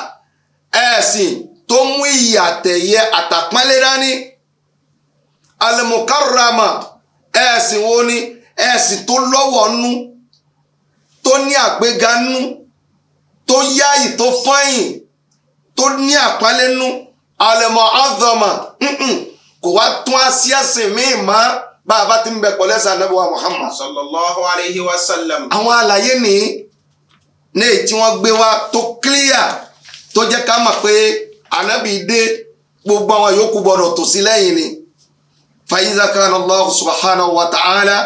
ẹ̀sìn tó mú ìyàtẹ̀yẹ àtàpọ́nlé dání alimukarama ẹ̀sìn wo ni ẹ̀sìn tó lọ́wọ́ nú tó ní àgbéga nú tó yáyì tó fọ́yìn tó ní àpọ́nlé nú alimọ̀ kò wá tún á sí ẹ̀sìn míì mọ́ bá a bá ti ń bẹ pọ̀ lẹ́sìn ànábì wa Muhammad. sallallahu alayhi wa sallam. àwọn àlàyé ní ní èyí tí gbé wá tó clear tó jẹ́ ká mọ̀ pé ànábì dé gbogbo àwọn yòókù gbọdọ̀ tò sí lẹ́yìn ni. فإذا كان الله سبحانه وتعالى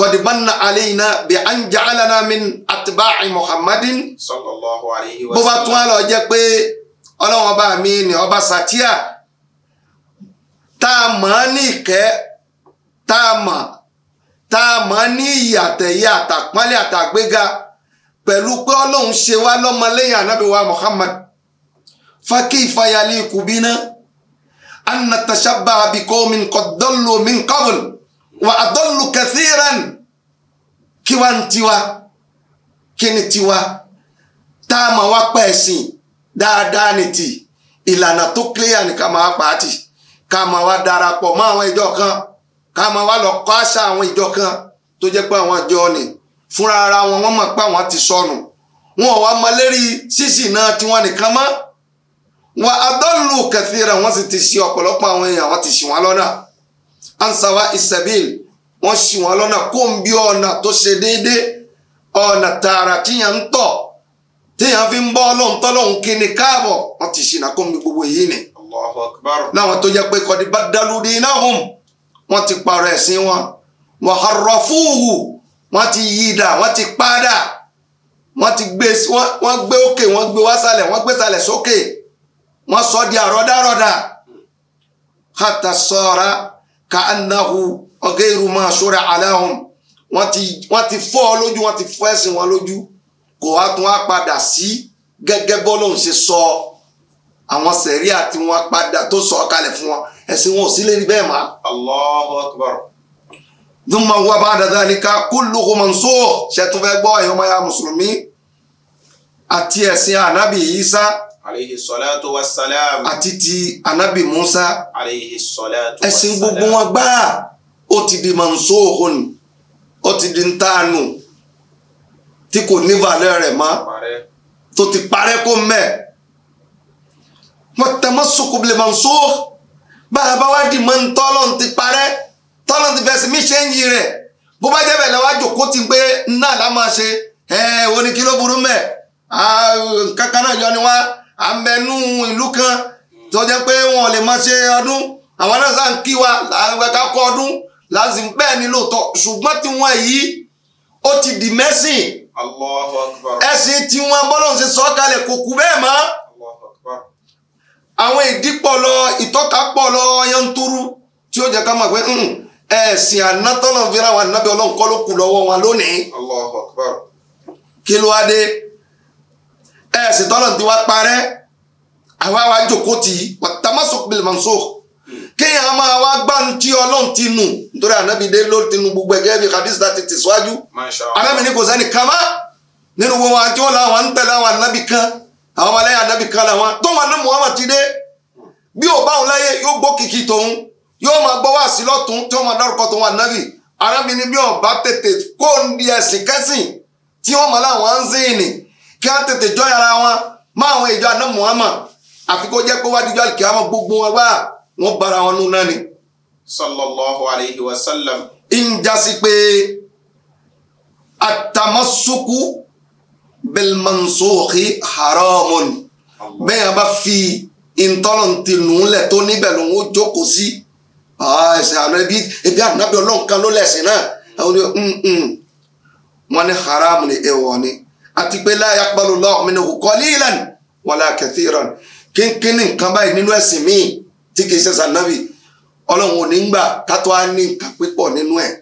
قد من علينا بأن جعلنا من أتباع محمد صلى الله عليه وسلم bó bá tún á jẹ́ pé Ọlọ́run ọba mi ni ọba sàtíà tá a mọ̀ ọ́ ní ìkẹ́ tá a mọ̀ tá a mọ̀ ọ́ ní wa Muhammad fákì ìfàyàlì ìkùbínà anna tashabba min kọdọ́lù min qabl wa adọ́lù kathiran kí wá ń tiwa kí ni tiwa tá a ni ti ìlànà tó clear ni ká máa pa ká máa wá darapọ̀ mọ́ àwọn ìjọ kan ká máa wá lọ kọ́ àṣà àwọn ìjọ kan tó jẹ́ pé àwọn ìjọ ni fúnra ara wọn wọ́n mọ̀ pé àwọn ti sọnù wọn ò wá mọ lérí tiwọn nìkan mọ́ wọn adọ́lù wọn sì ti ọ̀pọ̀lọpọ̀ àwọn wọn ti ṣì wọn lọ́nà ansawa wọn ṣì wọn lọ́nà kó ń bí ọ̀nà tó ṣe déédéé ọ̀nà tààrà tíyàn ń tọ̀ fi ń bọ́ kí ti ṣìnà gbogbo láwọn tó jẹ́ pé kọ́ni bá dálórí iná hùn wọ́n ti parọ́ ẹ̀sìn wọn wọ́n harọ́ fúhù wọ́n ti yí dà wọ́n ti padà wọ́n ti gbé wọ́n gbé òkè wọ́n gbé wá sálẹ̀ wọ́n gbé sálẹ̀ sókè wọ́n sọ di àrọ́dàrọ́dà hàtà sọ̀ra ka anahu ọ̀gẹ́rù máa ṣọ́ra aláhùn wọ́n ti fọ́ ọ lójú wọ́n ti fọ́ ẹ̀sìn wọn lójú kò wá tún wá padà sí gẹ́gẹ́ bọ́lọ́hùn ṣe sọ ọ́ àwọn sẹ̀ríà tí wọ́n padà tó sọ kalẹ̀ fún wọn ẹ̀sìn wọn ò sí lè rí bẹ́ẹ̀ mọ́. Allahu akbar. Thumma wa ba'da dhalika kulluhu mansukh ṣètúfẹ́ gbọ́ ẹ̀yọ́ mọ́ya mùsùlùmí àti ẹ̀sìn ànábì Isa. Alayhi salatu wassalam. Àti ti ànábì Musa. Alayhi salatu wassalam. Ẹ̀sìn gbogbo wọn gbáà ó ti di mansukhun ó ti di ntaanu tí kò ní valẹ́ rẹ̀ mọ́ tó ti parẹ́ kó mẹ́ẹ̀ wọn tamassuku bil mansukh báyà bá wá di mọ́ ní tọ́lọ́n ti parẹ́ tọ́lọ́n ti fẹsẹ̀ mí ṣẹ́ǹjì rẹ̀ bó bá jẹ́ bẹ̀rẹ̀ wá jòkó ti gbé náà lá máa ṣe ẹ̀ oní kí ló burú mẹ́ kankan náà yọ ni wá àmẹ́nu ìlú kan tó jẹ́ pé wọn lè máa ṣe ọdún àwọn náà sá ń kí wa ká kọ́ ọdún láti bẹ́ẹ̀ ni lóòótọ́ ṣùgbọ́n tí yìí ó ti di mẹ́sìn ẹ̀sìn tí wọ́n ń ṣe sọ́kalẹ̀ kò kú bẹ́ẹ̀ mọ́. àwọn ìdí pọlọ ìtọ́ka pọlọ yanturu tí ó jẹ ká mọ̀ pé ẹ̀sìn ànátọ́nà fira wà ló kù lọ́wọ́ wọn lónìí. tọ́nà tí wá parẹ́ àwa jòkó tì í wà máa wá tí ọlọ́run ti nù nítorí ànábì kama nínú wọn àti wọn làwọn ń tẹ̀lé àwọn kan àwọn ọmọlẹ́yìn ànábì kan làwọn tóun àná Muhammad ti dé bí ò báwọn láyé yóò gbọ́ kìkì tòun yóò máa gbọ́ wá sí lọ́tún tí wọ́n máa dárúkọ tòun ànábì arábìnrin bí wọn bá tètè kó ní ẹ̀sìn kẹ́sìn tí wọ́n máa láwọn ń wọn má àwọn ìjọ Muhammad àfi kó gbogbo wọn wá wọn bára wọn nù náà ni. sallam. pé bilmansuhi haramun bẹ́ẹ̀ yẹn bá fi ìtọ́lọ̀ntì nùúlẹ̀ tó níbẹ̀ lòun ó jókòó sí ẹsẹ̀ àná ibi ibi ànábì ọlọ́run kan ló lẹ̀sìn náà àwọn ọ̀nà wọn ní haram ni èèwọ̀ ni àti pé la yaqbalullahu minhu qalilan wala kathiran kínkínní nǹkan báyìí nínú ẹ̀sìn míì tí kì ṣe sànábì ọlọ́run ò ní gbà ká á ní nǹkan pípọ̀ nínú ẹ̀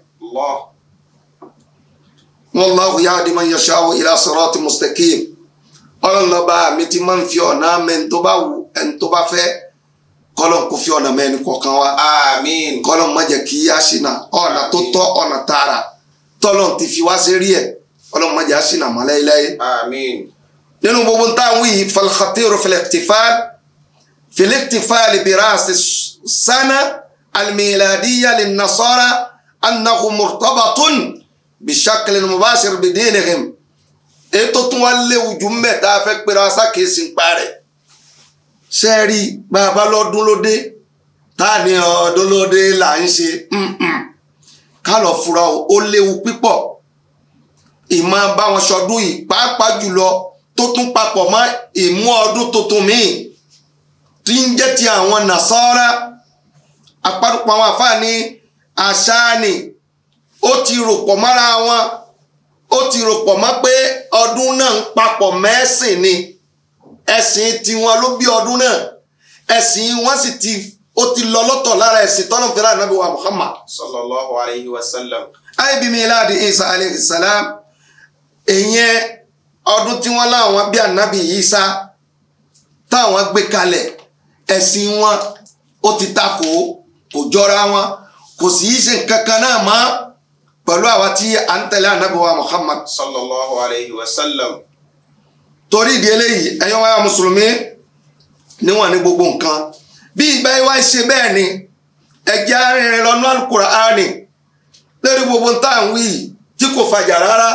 wallahu yahdi man yasha'u ila sirati mustaqim ọlọ́nlọ́ba mi ti máa ń fi ọ̀nà mẹ́ni tó bá wù ẹni tó bá fẹ́ kọ́lọ́n kò fi ọ̀nà mẹ́ni kọ̀ọ̀kan wa àmín kọ́lọ́n má jẹ́ kí a ṣìnà ọ̀nà tó tọ́ ọ̀nà tààrà tọ́lọ́n ti fi wá sí rí ẹ̀ kọ́lọ́n má jẹ́ a ṣìnà mọ́ nínú gbogbo ń táwọn yìí falkhatiru filiktifal filiktifal birasi sana almiladiya linnasara annahu bishakilin mubashir bidinihim ètò tún wá léwu jù mbẹ tá a fẹ́ pera sákèésí ń parẹ́ sẹ́ẹ̀rí bàbá lọ́dún lóde tá a ní ọdún lóde là ń ṣe ká lọ fura o ó léwu pípọ̀ ìmọ̀ báwọn ṣọdún yìí pàápàá jùlọ tó tún papọ̀ mọ́ ìmú ọdún tuntun míì tí ń jẹ́ ti àwọn nàṣọ́ra apárúpọ̀ àwọn àfáà ní ó ti rò pọ̀ mọ́ra wọn ó ti rò pọ̀ mọ́ pé ọdún náà ń papọ̀ mẹ́sìn ni ẹ̀sìn tiwọn ló bí ọdún náà ẹ̀sìn wọn sì ti ó ti lọ lọ́tọ̀ lára ẹ̀sìn tọ́nà fẹ́rẹ́ ànábì wa Muhammad. sallallahu alayhi wa sallam. ayébi mi láàdì Isa alayhi salam ìyẹn ọdún tí wọ́n láwọn bí ànábì Isa táwọn gbé kalẹ̀ ẹ̀sìn wọn ó ti takò kò jọra wọn kò sì í ṣe nǹkan kan náà mọ́. pẹ̀lú àwa tí a ń tẹ̀lé ànábọ̀wá Muhammad sallallahu alayhi wa sallam torí ìdí eléyìí ẹ̀yin wáyà mùsùlùmí níwọ̀n ní gbogbo nǹkan bí ìgbà yìí wá ń ṣe bẹ́ẹ̀ ni ẹ̀jẹ̀ arìnrìn lọ́nà alukur'ani lórí gbogbo tá à ń wí yìí tí kò fàjà rárá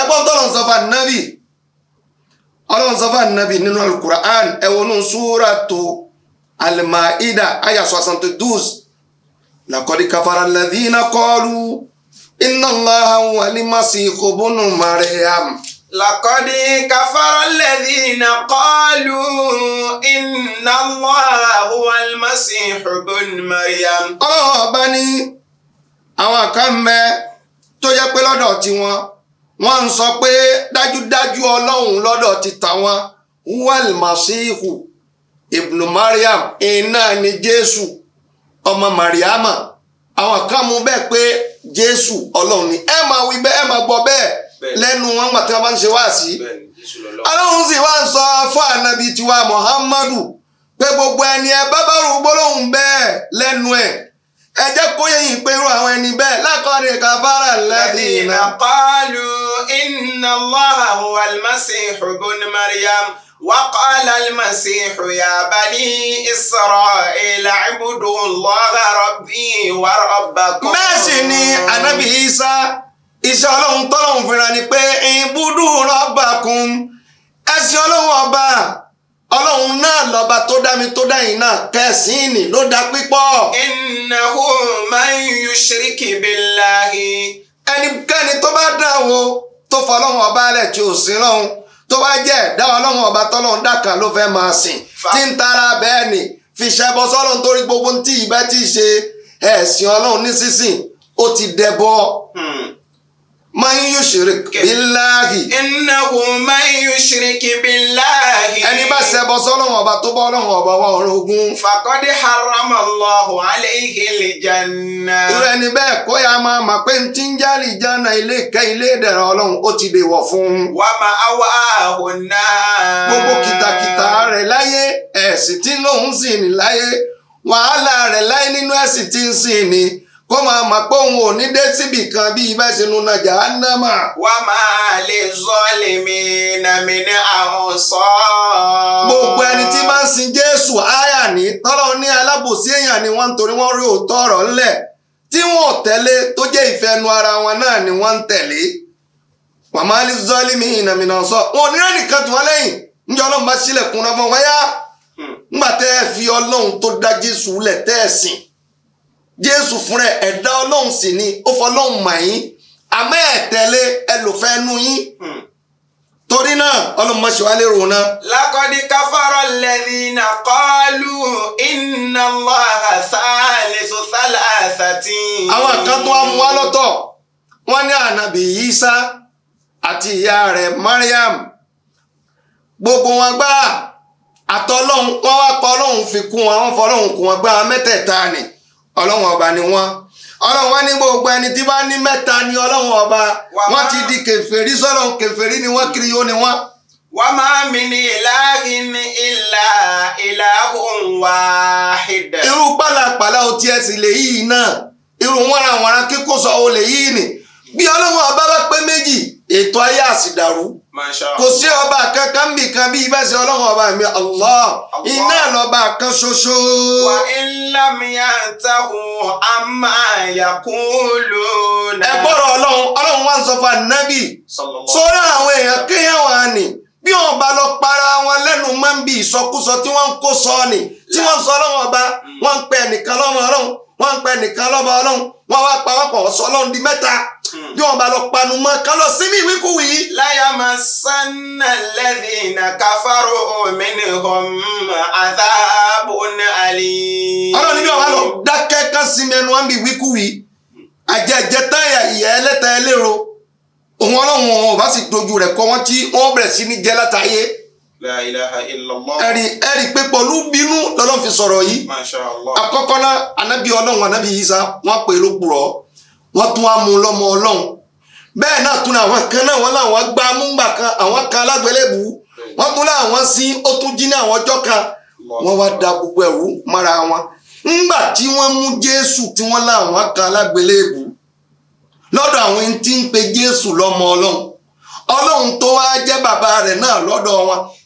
ẹgbọ́n tó lọ́n sọ́fà nábì ọlọ́n sọ́fà nábì nínú alukur'an ẹ̀wọ̀n nù súratu al-Ma'ida ayà sọ́sàntì dùs laqad kafara alladhina qalu inna allaha wali masihu bunu mariam. لقد كفر الذين قالوا إن الله هو المسيح ابن مريم. ọlọ́run ọba ní àwọn kan mẹ́ tó jẹ́ pé lọ́dọ̀ tiwọn wọ́n ń sọ pé dájúdájú ọlọ́run lọ́dọ̀ ti tàwọn wal masihu ibnu mariam iná ni jésù ọmọ mariama àwọn kan mú bẹ́ẹ̀ pé jesu ọlọ́run ni ẹ máa wí bẹ́ẹ̀ ẹ máa gbọ́ bẹ́ẹ̀ lẹ́nu wọn gbà tí muhammadu pé gbogbo ẹni ẹ bá bá rú gbólóhùn bẹ́ẹ̀ lẹ́nu ẹ̀ ẹ jẹ́ kó yẹ pé irú àwọn ẹni kàfàrà inna Allaha huwal masihu ibn Maryam. وقال المسيح يا بني إسرائيل اعبدوا الله ربي وربكم bẹ́ẹ̀ أنا ni ànábì Ìsá iṣẹ́ ọlọ́run tọ́lọ́run fúnra ni أبا ìbúdú rabbakum ẹ̀sìn ọlọ́run ọba ọlọ́run náà lọ́ba tó dá mi tó dá yín náà kẹ̀sìn ni ló dá pípọ̀. innahu man yushrik billahi. ẹnikẹ́ni tó bá dáwọ́ tó fọlọ́run ọba alẹ̀ tí ò sí lọ́hùn tó bá jẹ́ ẹ̀dá ọlọ́run ọba tọ́lọ́run dàkan ló fẹ́ máa sìn tí ń tara bẹ́ẹ̀ ni fi ṣẹbọ sọ́lọ́run nítorí gbogbo tí ìbá ti ṣe ẹ̀sìn ọlọ́run nísinsìn ó ti dẹbọ. Hmm man yushrik billahi. innahu man yushrik billahi. ẹni bá ṣẹbọ sọ́lọ́run ọba tó bá Ọlọ́run ọba wa orogún. faqad harrama Allahu alayhi al-janna. irú ẹni bẹ́ẹ̀ kó yá máa mà pé ntí ń já àlìjánná ilé ìkẹ́ ilé ìdẹ̀rẹ̀ Ọlọ́run ó ti dè wọ̀ fún. wa ma'awahu an-nar. gbogbo kìtàkìtà rẹ̀ láyé ẹ̀sìn tí lòun sìn ní láyé wàhálà rẹ̀ láyé nínú ẹ̀sìn tí ń sìn ní kó máa mọ̀ pé òun ò ní dé síbì kan bí ibà sínú nàjà ánámà. wà á máa lè zọ́ lèmi nàmi ní àwọn sọ. gbogbo ẹni tí bá ń sin jésù áyà ní tọ́lọ́ ní alábòsí èèyàn ni wọ́n ń torí wọ́n rí òótọ́ ọ̀rọ̀ ńlẹ̀ tí wọn ò tẹ̀lé tó jẹ́ ìfẹ́nu ara wọn náà ni wọ́n ń tẹ̀lé. wà á máa lè zọ́ lèmi nàmi náà sọ. wọn ò ní rẹ́ nìkan tí wọ́n lẹ́yìn níjọ́ ọlọ́run bá sílẹ̀kùn náà jésù fúnra ẹ̀dá ọlọ́run sì ni ó fọlọ́run mà yín àmọ́ ẹ̀ tẹ̀lé ẹlòfẹ́ nú yín hmm. torí náà ọlọ́mọṣẹ́ wa lérò náà. lakọ́dí káfárọ̀ lẹ́dínà kọ́ọ́lù iná lọ́hà sáàlẹ̀sọ sálàsàtì. àwọn kan tó wá mú wa lọ́tọ̀ wọ́n ní ànábì yísá àti ìyá rẹ̀ mariam gbogbo wọn gbá àtọ́lọ́hún wọ́n wá pa ọlọ́hún fi kún wọn wọ́n fọlọ́hún kún wọn gbá mẹ́tẹ̀ẹ̀ta ni. ọlọ́wọ̀n ọba ni wọ́n ọlọ́wọ̀n wá ní ẹni tí bá ní mẹ́ta ni ọlọ́wọ̀n ọba wọ́n ti di kèfèrí sọ́rọ̀ kèfèrí ni wọ́n kiri yóò ni wọ́n. wa ma min irú o tiẹ̀ sì lè náà irú wọ́nra o lè ni bí ọlọ́run ọba bá pé méjì ètò ayé àsìdàrú kò sí ọba kankan bì kan bí ibà sí ọlọ́run ọba mi Allah iná lọ́ba kan ṣoṣo. wà ìlàmìyà táwọn amáyàkúlò náà. ẹ gbọ́dọ̀ ọlọ́run ọlọ́run wá ń sọ fún ànábì sọ́ra àwọn èèyàn kéèyàn wà ní bí wọn bá lọ para wọn lẹ́nu máa ń bi ìsọkúsọ tí wọ́n ń kó sọ ni tí wọ́n sọ ọlọ́run ọba mm. wọ́n ń pè nìkan lọ́mọ ọlọ́run wọ́n ń pè nìkan lọ́mọ ọlọ́run wọ́n wá pawọ́pọ̀ sọlọ́run di mẹ́ta hmm. bí wọ́n bá lọ panu mọ́ ká lọ sí mi ìwíkúwì. láyà máa sanna lẹ́dí iná káfáró omi ni ọmọ àtàbò ní àlè. ọlọ́run níbi ọ̀wá lọ dákẹ́ ká sí mi ẹnu àmì ìwíkúwì àjẹjẹ táyà ìyá ẹlẹ́ta ẹlẹ́ro òun ọlọ́run ọba sì dojú rẹ̀ kọ́ wọ́n tí wọ́n bẹ̀rẹ̀ sí ní jẹ́ látàyé. La ilaha illallah. ẹ̀rí ẹ̀rí pé pọ̀lú bínú lọ́lọ́run fi sọrọ yìí. Masha anabi ọlọrun anabi yisa, wọn pè é lópùrọ́ wọn tún wá mú un lọ́mọ ọlọ́run bẹ́ẹ̀ náà tún àwọn kan náà wọ́n láwọn gbá múngbà kan àwọn kan alágbélébù wọ́n tún láwọn sí ó tún gbogbo mara wọn ńgbà tí mú jésù tí kan alágbélébù lọdọ àwọn tí ń pe jésù tó wá bàbá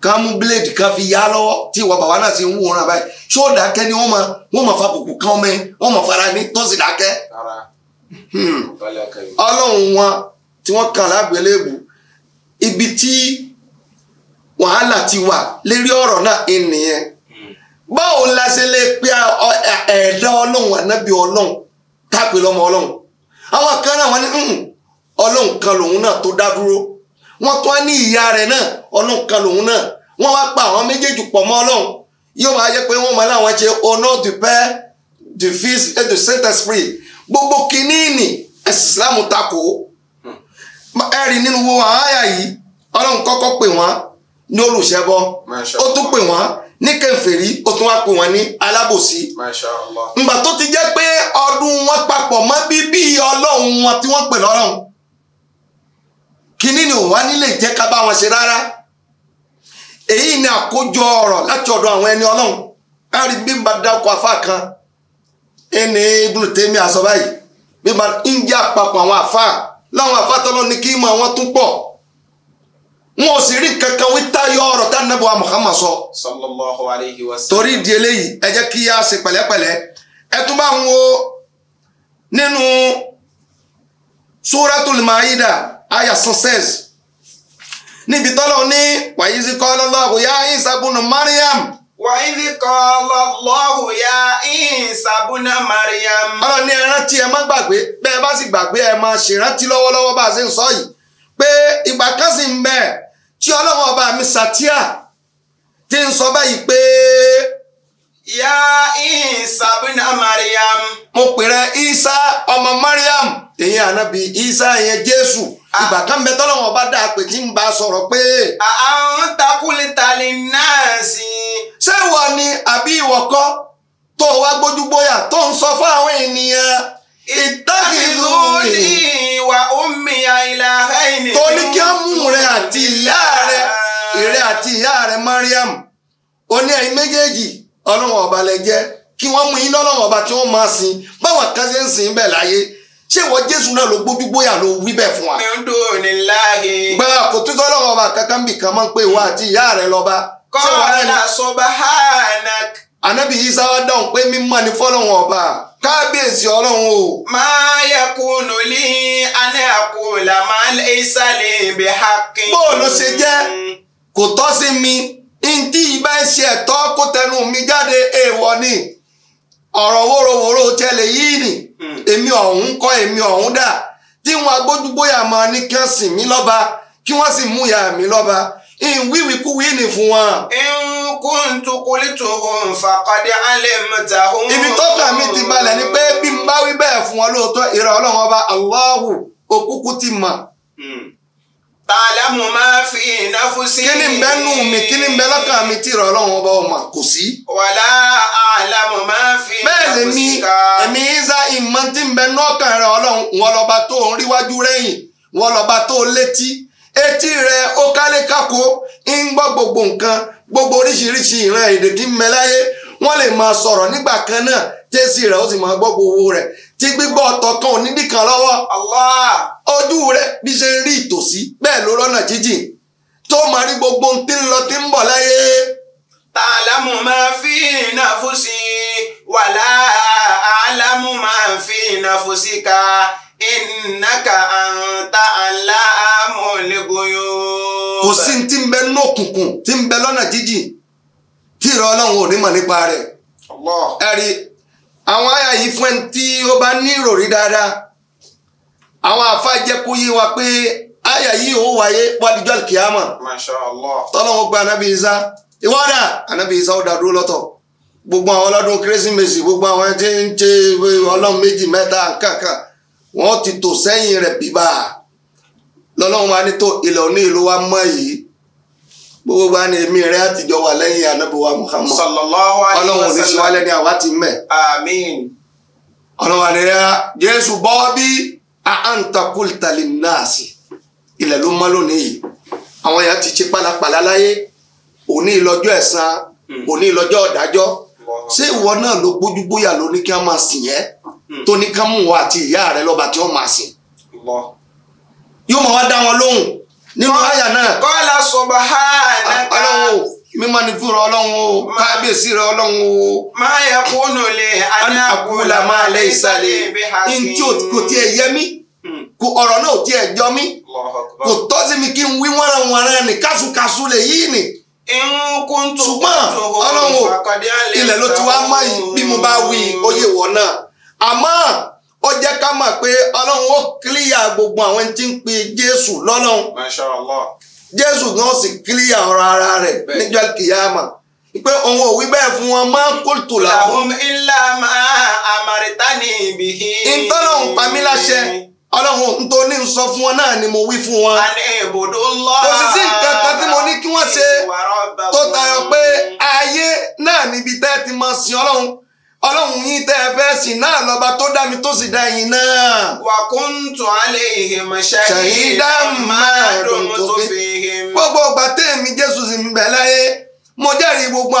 kamu mú blade ká fi yá lọ́wọ́ tí ìwà bàbá náà sì ń wòran báyìí ṣó dákẹ́ ni wọ́n máa wọ́n máa fa kòkò kan ọmọ yẹn wọ́n máa fara ní tó sì dákẹ́. Hmm. ọlọ́run wọn tí wọ́n kàn lágbélébù ibi tí wàhálà ti wà lérí ọ̀rọ̀ náà ènìyàn hmm. báwo la se lè pe ẹ̀dá ọlọ́run anabi ọlọ́run tápẹ́ lọ́mọ ọlọ́run àwọn kan náà wọ́n ní hmm, kan lòun náà tó dá dúró. wọ́n tún á ní ìyá rẹ̀ náà ọlọ́run kan lòun náà wọ́n wá pa àwọn méjèèjì pọ̀ mọ́ ọlọ́run yóò máa jẹ́ pé wọ́n máa láwọn ṣe honor du père du fils et du saint esprit gbogbo kìíní ẹ̀sìn islam takò ẹ̀rí nínú wo àáyà yìí ọlọ́run kọ́kọ́ pè wọ́n ní olùṣẹ́bọ ó tún pè wọ́n ní kèfèrí ó tún wá pè wọ́n ní alábòsí. ǹgbà tó ti jẹ́ pé ọdún wọn papọ̀ mọ́ bíbí ọlọ́run wọn tí wọ́n pè lọ́rùn kíní ni òun wá nílé jẹ́ ká bá wọn ṣe rárá èyí ni àkójọ ọ̀rọ̀ láti ọ̀dọ̀ àwọn ẹni ọlọ́run káàrí bímba dákọ̀ afá kan ẹni Ibn Taymiyyah àsọ báyìí bímba ń jẹ́ àpapọ̀ àwọn afá láwọn afá tọ́lọ́ ni kí mọ̀ wọ́n tún pọ̀ wọn ò sì rí kankan wí táyọ ọ̀rọ̀ tá nàbọ wa Muhammad sọ. torí ìdí eléyìí ẹ jẹ́ kí a ṣe pẹ̀lẹ́pẹ̀lẹ́ ẹ tún bá ń wo nínú Suratul àyà success níbi tọ́lọ́ ní wàyíṣí kọ́ ya yá ìsàbùnú Mariam. wàyíṣí ni ẹrántí ẹ má gbàgbé bá sì gbàgbé ẹ máa ṣèrántí lọ́wọ́lọ́wọ́ bá a ṣe ń sọ yìí pé ìgbà kan sì tí ọlọ́wọ́ ọba mi ti ń sọ báyìí pé. ya Mariam. mo pèrè Ah. ìgbà kan bẹ tọ́lọ́wọ́n bá dáa pé tí ń bá sọ̀rọ̀ pé. àwọn ah, ah, takulita lè náà sí. ṣé ìwọ ni àbí ìwọ kọ́ tó wá gbójú bóyá tó ń sọ fún àwọn ènìyàn ìtàkìlú ni ìwà omi àìlà ẹ̀yìn. tó ní kí wọ́n mú rẹ àti ìyá rẹ ìrẹ àti ìyá rẹ Mariam ó ní méjèèjì ọlọ́wọ́n ọba lẹ jẹ́ kí wọ́n mú iná ọlọ́wọ́n ọba tí wọ́n máa sìn báwọn kan ṣe ń sìn bẹ́ẹ̀ láyé ṣé ìwọ jésù náà ló gbójú gbóyà ló wí bẹ́ẹ̀ fún wa. mi ń dùn ní láàyè. gba kò tó tọ́lọ́ ọba kankan bì kan mọ́ pé ìwọ àti ìyá rẹ lọ́ba. kọ́ọ̀lá sọba hànà. ànábì isa wa dáhùn pé mímọ́ ni fọ́lọ́hún ọba kábíyèsí ọlọ́run o. máa yẹ kúnnù lí àná àkùlà máa lè sálẹ̀ ibi hakin. bóòlù ṣe jẹ́ kò tọ́ sí mi ntí ibà ń ṣe ẹ̀tọ́ kó tẹnu mi jáde èèwọ̀ ni ọ̀rọ̀ wóróworó tẹ́lẹ̀ yìí nìí èmi ọ̀hún kọ́ èmi ọ̀hún dà tí wọn agbójúgbóyà máa ní kí wọ́n sìn mí lọ́ba kí wọ́n sì mú ìyá mi lọ́ba ìwíwìkúwì ni fún wọn. kuntukulituhum faqad alimtahum. ibi tó kà mí ti balẹ̀ ni pé bí n bá wí bẹ́ẹ̀ fún wọn lóòótọ́ ìrọ̀ ọlọ́run ọba Allahu òkúkú ti mọ̀. Hmm. Tàlámù máa fi náfúsí. Kí ni ń bẹ nù mí? Kí ni ń bẹ lọ́kàn mi tí ìrọ̀lọ́ wọn bá ọmọ kò sí? Wàlá àlámù máa fi náfúsí ká. Bẹ́ẹ̀ mi èmi Ísá im ń bẹ nọ́ọ̀kan rẹ ọlọ́run wọn lọ́ba tó ń ríwájú rẹ́yìn wọn lọ́ba tó létí etí rẹ ó kálékáko ń gbọ́ gbogbo nǹkan gbogbo oríṣiríṣi ìran èdè tí ń mẹ láyé wọn lè máa sọrọ nígbà kan náà tẹ́sí rẹ̀ ó sì máa gbọ́ gbogbo rẹ tí gbígbọ ọtọ kan ò nídìí kan lọ́wọ́ ojú rẹ bí ṣe ń rí ìtòsí bẹ́ẹ̀ ló rọ́nà jíjìn tó máa rí gbogbo ohun tí ń lọ tí ń bọ̀ láyé. ta'lamu ma fi nafsi. wàlá àlámù máa ń fi nàfòsíkà ìnáka àǹtà kò sí ti ń bẹ lókùnkùn ti ń bẹ lọ́nà jíjìn tí ìrọ̀ ọlọ́run ò ní mọ̀ nípa rẹ̀. ẹ̀rí àwọn àyà yìí fún ẹni tí ó bá ní ìròrí dáadáa àwọn wa pé àyà yìí ó wáyé wádìjọ́ anabi isa ìwádà anabi isa ó gbogbo àwọn ọlọ́dún kérésìmesì gbogbo àwọn tí ń ṣe ọlọ́run méjì mẹ́ta kankan wọ́n ti tò sẹ́yìn rẹ̀ bíbá lọ́lọ́run wa ní tó ilẹ̀ òní ìlú wa mọ́ yìí gbogbo bá ní èmi rẹ̀ àtijọ́ wà lẹ́yìn anábọ̀wá Muhammad sallallahu alaihi wasallam ọlọ́run ò ní ṣe wálẹ̀ ní àwa ti mẹ́. àmín. ọlọ́run wa ní rẹ̀ jésù bọ́ bí àǹtakùltàlì náà sí ilẹ̀ ló mọ́ lónìí yìí àwọn èèyàn ti ṣe pálapàla láyé òní ìlọ́jọ́ ẹ̀san hmm. òní ìlọ́jọ́ ọ̀dájọ́ ṣé ìwọ náà ló gbójú gbóyà ló ní kí wọ́n máa sìn ẹ́ hmm. tó ní ká mú wa àti ìyá rẹ lọ́ba tí wọ́n máa sìn. yóò máa wá dá wọn lóhùn nínú àyà náà. kọ́lá sọ̀bà ha nàka. Ah, ọlọ́wọ́ mímọ́ ni fúnra ọlọ́run o kábíyèsí rẹ ọlọ́run o. máa yẹ kó nù lè àná àkúlà máa lẹ ìsàlẹ̀ ntí kò tiẹ̀ yẹ mí hmm. kò ọ̀rọ̀ náà ò tiẹ̀ jọ mí kò tọ́sí mi kí n wí wọ́nrán wọ́nrán ni kásùkásù lè yí ni ṣùgbọ́n ọlọ́run ilẹ̀ ló ti wá mọ́ yìí bí mo bá wí oyè wọ̀ náà àmọ́ ó jẹ́ ká mọ̀ pé ọlọ́run ó kílíyà gbogbo àwọn tí ń pe jésù lọ́lọ́run jésù gan sì kílíyà ọ̀rọ̀ ara rẹ̀ níjọ́ kìyàmà pé òun ò wí bẹ́ẹ̀ fún wọn máa ń kóòtù làwọn. làwọn ilà àmàrìtánì bìí. ìtọ́nà ń ọlọ́run tó ní sọ fún wọn náà ni mo wí fún wọn. àníbùdó tí mo ní kí wọ́n ṣe tó tayọ pé ayé náà níbi tẹ́ ti máa sin ọlọ́run ọlọ́run yín tẹ́ ẹ fẹ́ sìn náà lọ́ba tó dá mi tó sì dá yín náà. wà tún alẹ́ ìdá máa dùn tó fi gbogbo ọgbà jésù sì ń láyé mo jẹ́rìí gbogbo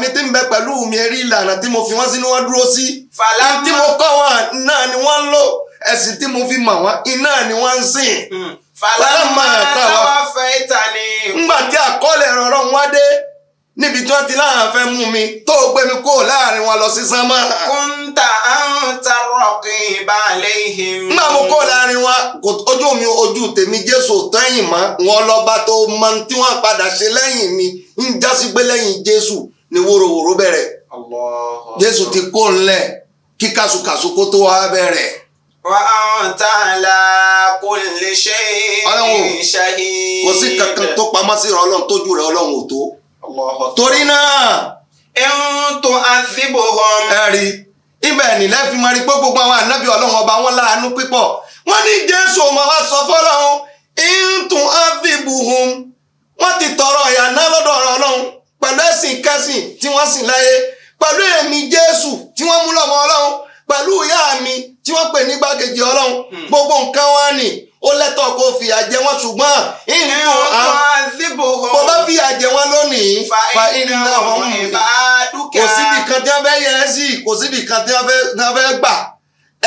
mi tí ń bẹ pẹ̀lú mi rí ìlànà mo fi wọ́n sínú wọn dúró sí. tí mo kọ́ wọn náà ni wọ́n ń lò. Esi ti mo fi mà wá iná ni wọ́n ń sìn. Hmm. fàlámà táwa fẹ́ ìta ni. ńgbà àkọọ́lẹ̀ wọn dé níbi tí wọ́n ti láwọn fẹ́ mú mi tó gbé mi kó láàrin lọ sí sánmà. kúńtà àwọn tarọ̀kì ìbàlẹ̀ ìhìn. ńgbà mo kó láàrin wọn ojú mi ojú tèmi jésù tẹ́yìn mọ́ wọn lọ́ba tó mọ tí wọ́n padà ṣe lẹ́yìn mi ń jásí lẹ́yìn ni bẹ̀rẹ̀. jésù ti kó ńlẹ̀ kó tó wá wa anta ala kulli shay'in shahid. kò sí kankan tó pamọ́ sí rẹ ọlọ́run tójú rẹ ọlọ́run ò tó. torí náà. ẹ̀hún tó àdìbò hàn. ẹ rí ibẹ̀ nílẹ̀ fi máa rí pé gbogbo àwọn ànábì ọlọ́run ọba wọn láàánú pípọ̀ wọ́n ní jésù ọmọ wa sọ fọ́lọ́run ìntùn àdìbò hàn wọ́n ti tọrọ ìyàná lọ́dọ̀ ọlọ́run pẹ̀lú ẹ̀sìn kẹ́sìn tí wọ́n sì láyé pẹ̀lú èmi jésù tí wọ́n mú lọ́mọ ọlọ́run pẹ̀lú ìyá mi tí wọ́n pè ní igbákejì ọlọ́run hmm. gbogbo nǹkan wọn ni ó lẹ́tọ̀ọ́ kó fìyà jẹ wọ́n ṣùgbọ́n ìnú bó bá fìyà jẹ wọ́n lónìí fa iná wọn kò síbi kan tí wọ́n fẹ́ yẹ ẹ́ sí kò síbi kan tí wọ́n fẹ́ gbà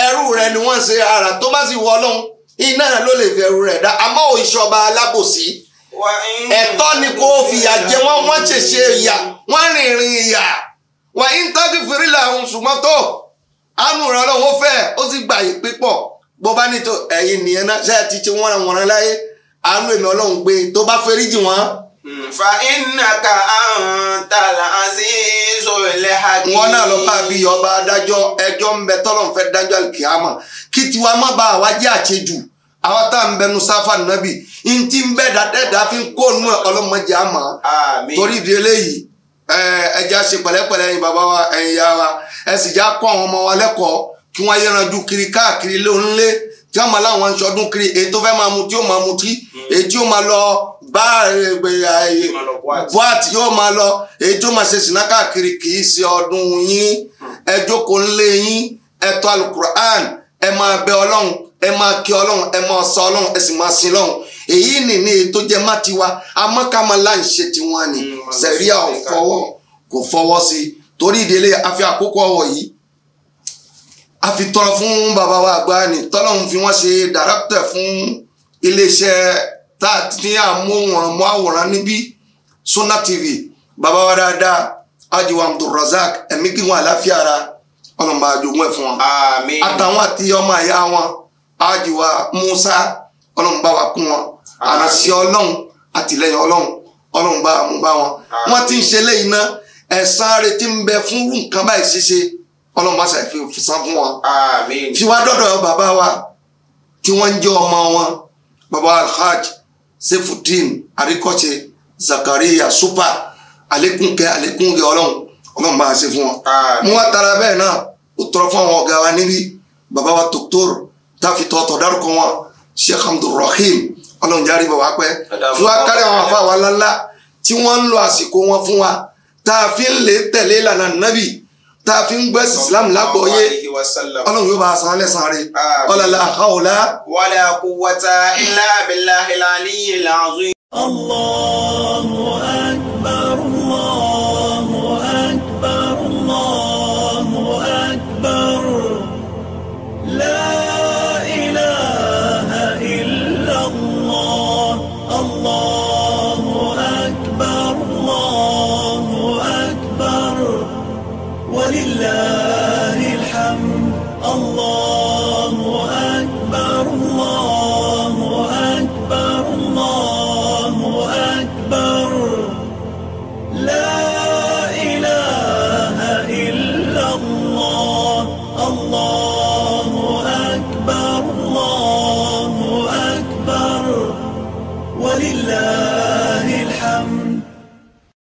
ẹrú rẹ ni wọ́n ṣe ara tó bá sì wọ́ ọlọ́run iná ló lè fi ẹrú rẹ dá àmọ́ ìṣọba alábòsí ẹ̀tọ́ ni kó fìyà jẹ wọ́n wọ́n ṣèṣe ìyà wọ́n rìnrìn ìyà wà ń tọ́jú fìrí làwọn ṣùgbọ́n tó àánú rẹ ọlọ́run ó fẹ́ ó sì gbàyè pípọ̀ bó bá nítò ẹ̀yin nìyẹn náà ṣe ti ṣe wọ́n wọ́n láyé àánú èmi ọlọ́run pé tó bá foríjì wọ́n. fa innaka antal azizul hakim. wọn náà lọ bá bí ọba adájọ́ ẹjọ́ ń bẹ tọlọ ń fẹ́ dájọ́ alikiyama kí tiwa má ba àwa jẹ àṣejù àwa tá à ń bẹnu sáfà nàbì ntí ń bẹ dàdẹ́dà fi ń kó nù ọlọ́mọdé àmà torí ìdílé yìí ẹja ṣe pẹ̀lẹ́pẹ̀lẹ́ ẹ̀yin bàbá wa ẹ̀yin ìyá wa ẹ sì já kọ́ àwọn ọmọ wa lẹ́kọ̀ọ́ kí wọ́n yẹranjú kiri káàkiri lónìí tí wọ́n máa láwọn aṣọdún kiri èyí tó fẹ́ máa mu tí yóò máa mu tí hmm. èyí tí yóò máa lọ bá buat yóò máa lọ èyí tí yóò máa ṣe sìnà káàkiri kì í ṣe ọdún yín hmm. ẹ jókòó ńlé yín ẹ tọ́ alukur'an ẹ máa bẹ ọlọ́run ẹ máa kí ọlọ́run ẹ máa sọ ọlọ́run ẹ sì máa sin ọlọ́run èyí nìní tó jẹ má tiwa amọ́kàmọ́ tiwọn ni sẹ̀ríà mm, ò fọwọ́ kò fọwọ́ sí i torí ìdílé àfi àkókò ọwọ́ yìí àfi tọrọ fún bàbá wa àgbà ni tọ́lọ́hún fi wọ́n ṣe dàrẹ́pítà fún iléeṣẹ́ tá a ti ní àmóhùnmọ́ àwòrán níbí Sunna TV bàbá wa dáadáa ajiwa Abdulrasaq ẹ̀mí kí wọn àláfíà ara ọlọ́mọ àjogún ẹ̀ fún wọn àtàwọn àti ọmọ àyà wọn ajiwa Musa ọlọ́run bá wa kún wọn àrànṣẹ́ ọlọ́run àtìlẹ́yìn ọlọ́run ọlọ́run bá wa mú bá wọn wọ́n ti ń ṣe léyìn náà ẹ̀san rẹ̀ ti ń bẹ fún nǹkan báyìí ṣíṣe ọlọ́run bá ṣàfi san fún wọn. fi wá dọ́dọ̀ bàbá wa tí wọ́n ń jẹ́ ọmọ wọn bàbá alhaj sefudin arikọ́ṣe zakariya supa alekunkẹ alekunkẹ ọlọ́run ọlọ́run bá ṣe fún wọn. mo wá tara bẹ́ẹ̀ náà ó tọrọ fún àwọn ọ̀gá wa níbí bàbá wa tòkítọ́rọ̀ tá a fi dárúkọ wọn sheikh abdulrahim ọlọ́run járe bọ̀ wá pẹ́ tí wọ́n kárí àwọn àfa wa lálá tí wọ́n ń lo àsìkò wọn fún wa tá a fi ń lè tẹ̀lé ìlànà nábì tá a fi ń gbẹ́sì islam lágbọ́yé ọlọ́run yóò bá a san lẹ́sàn rẹ̀ ọlọ́lá àkàwọ̀lá. wala quwwata illa billahi al-aliyyil azim. Allahu akbar.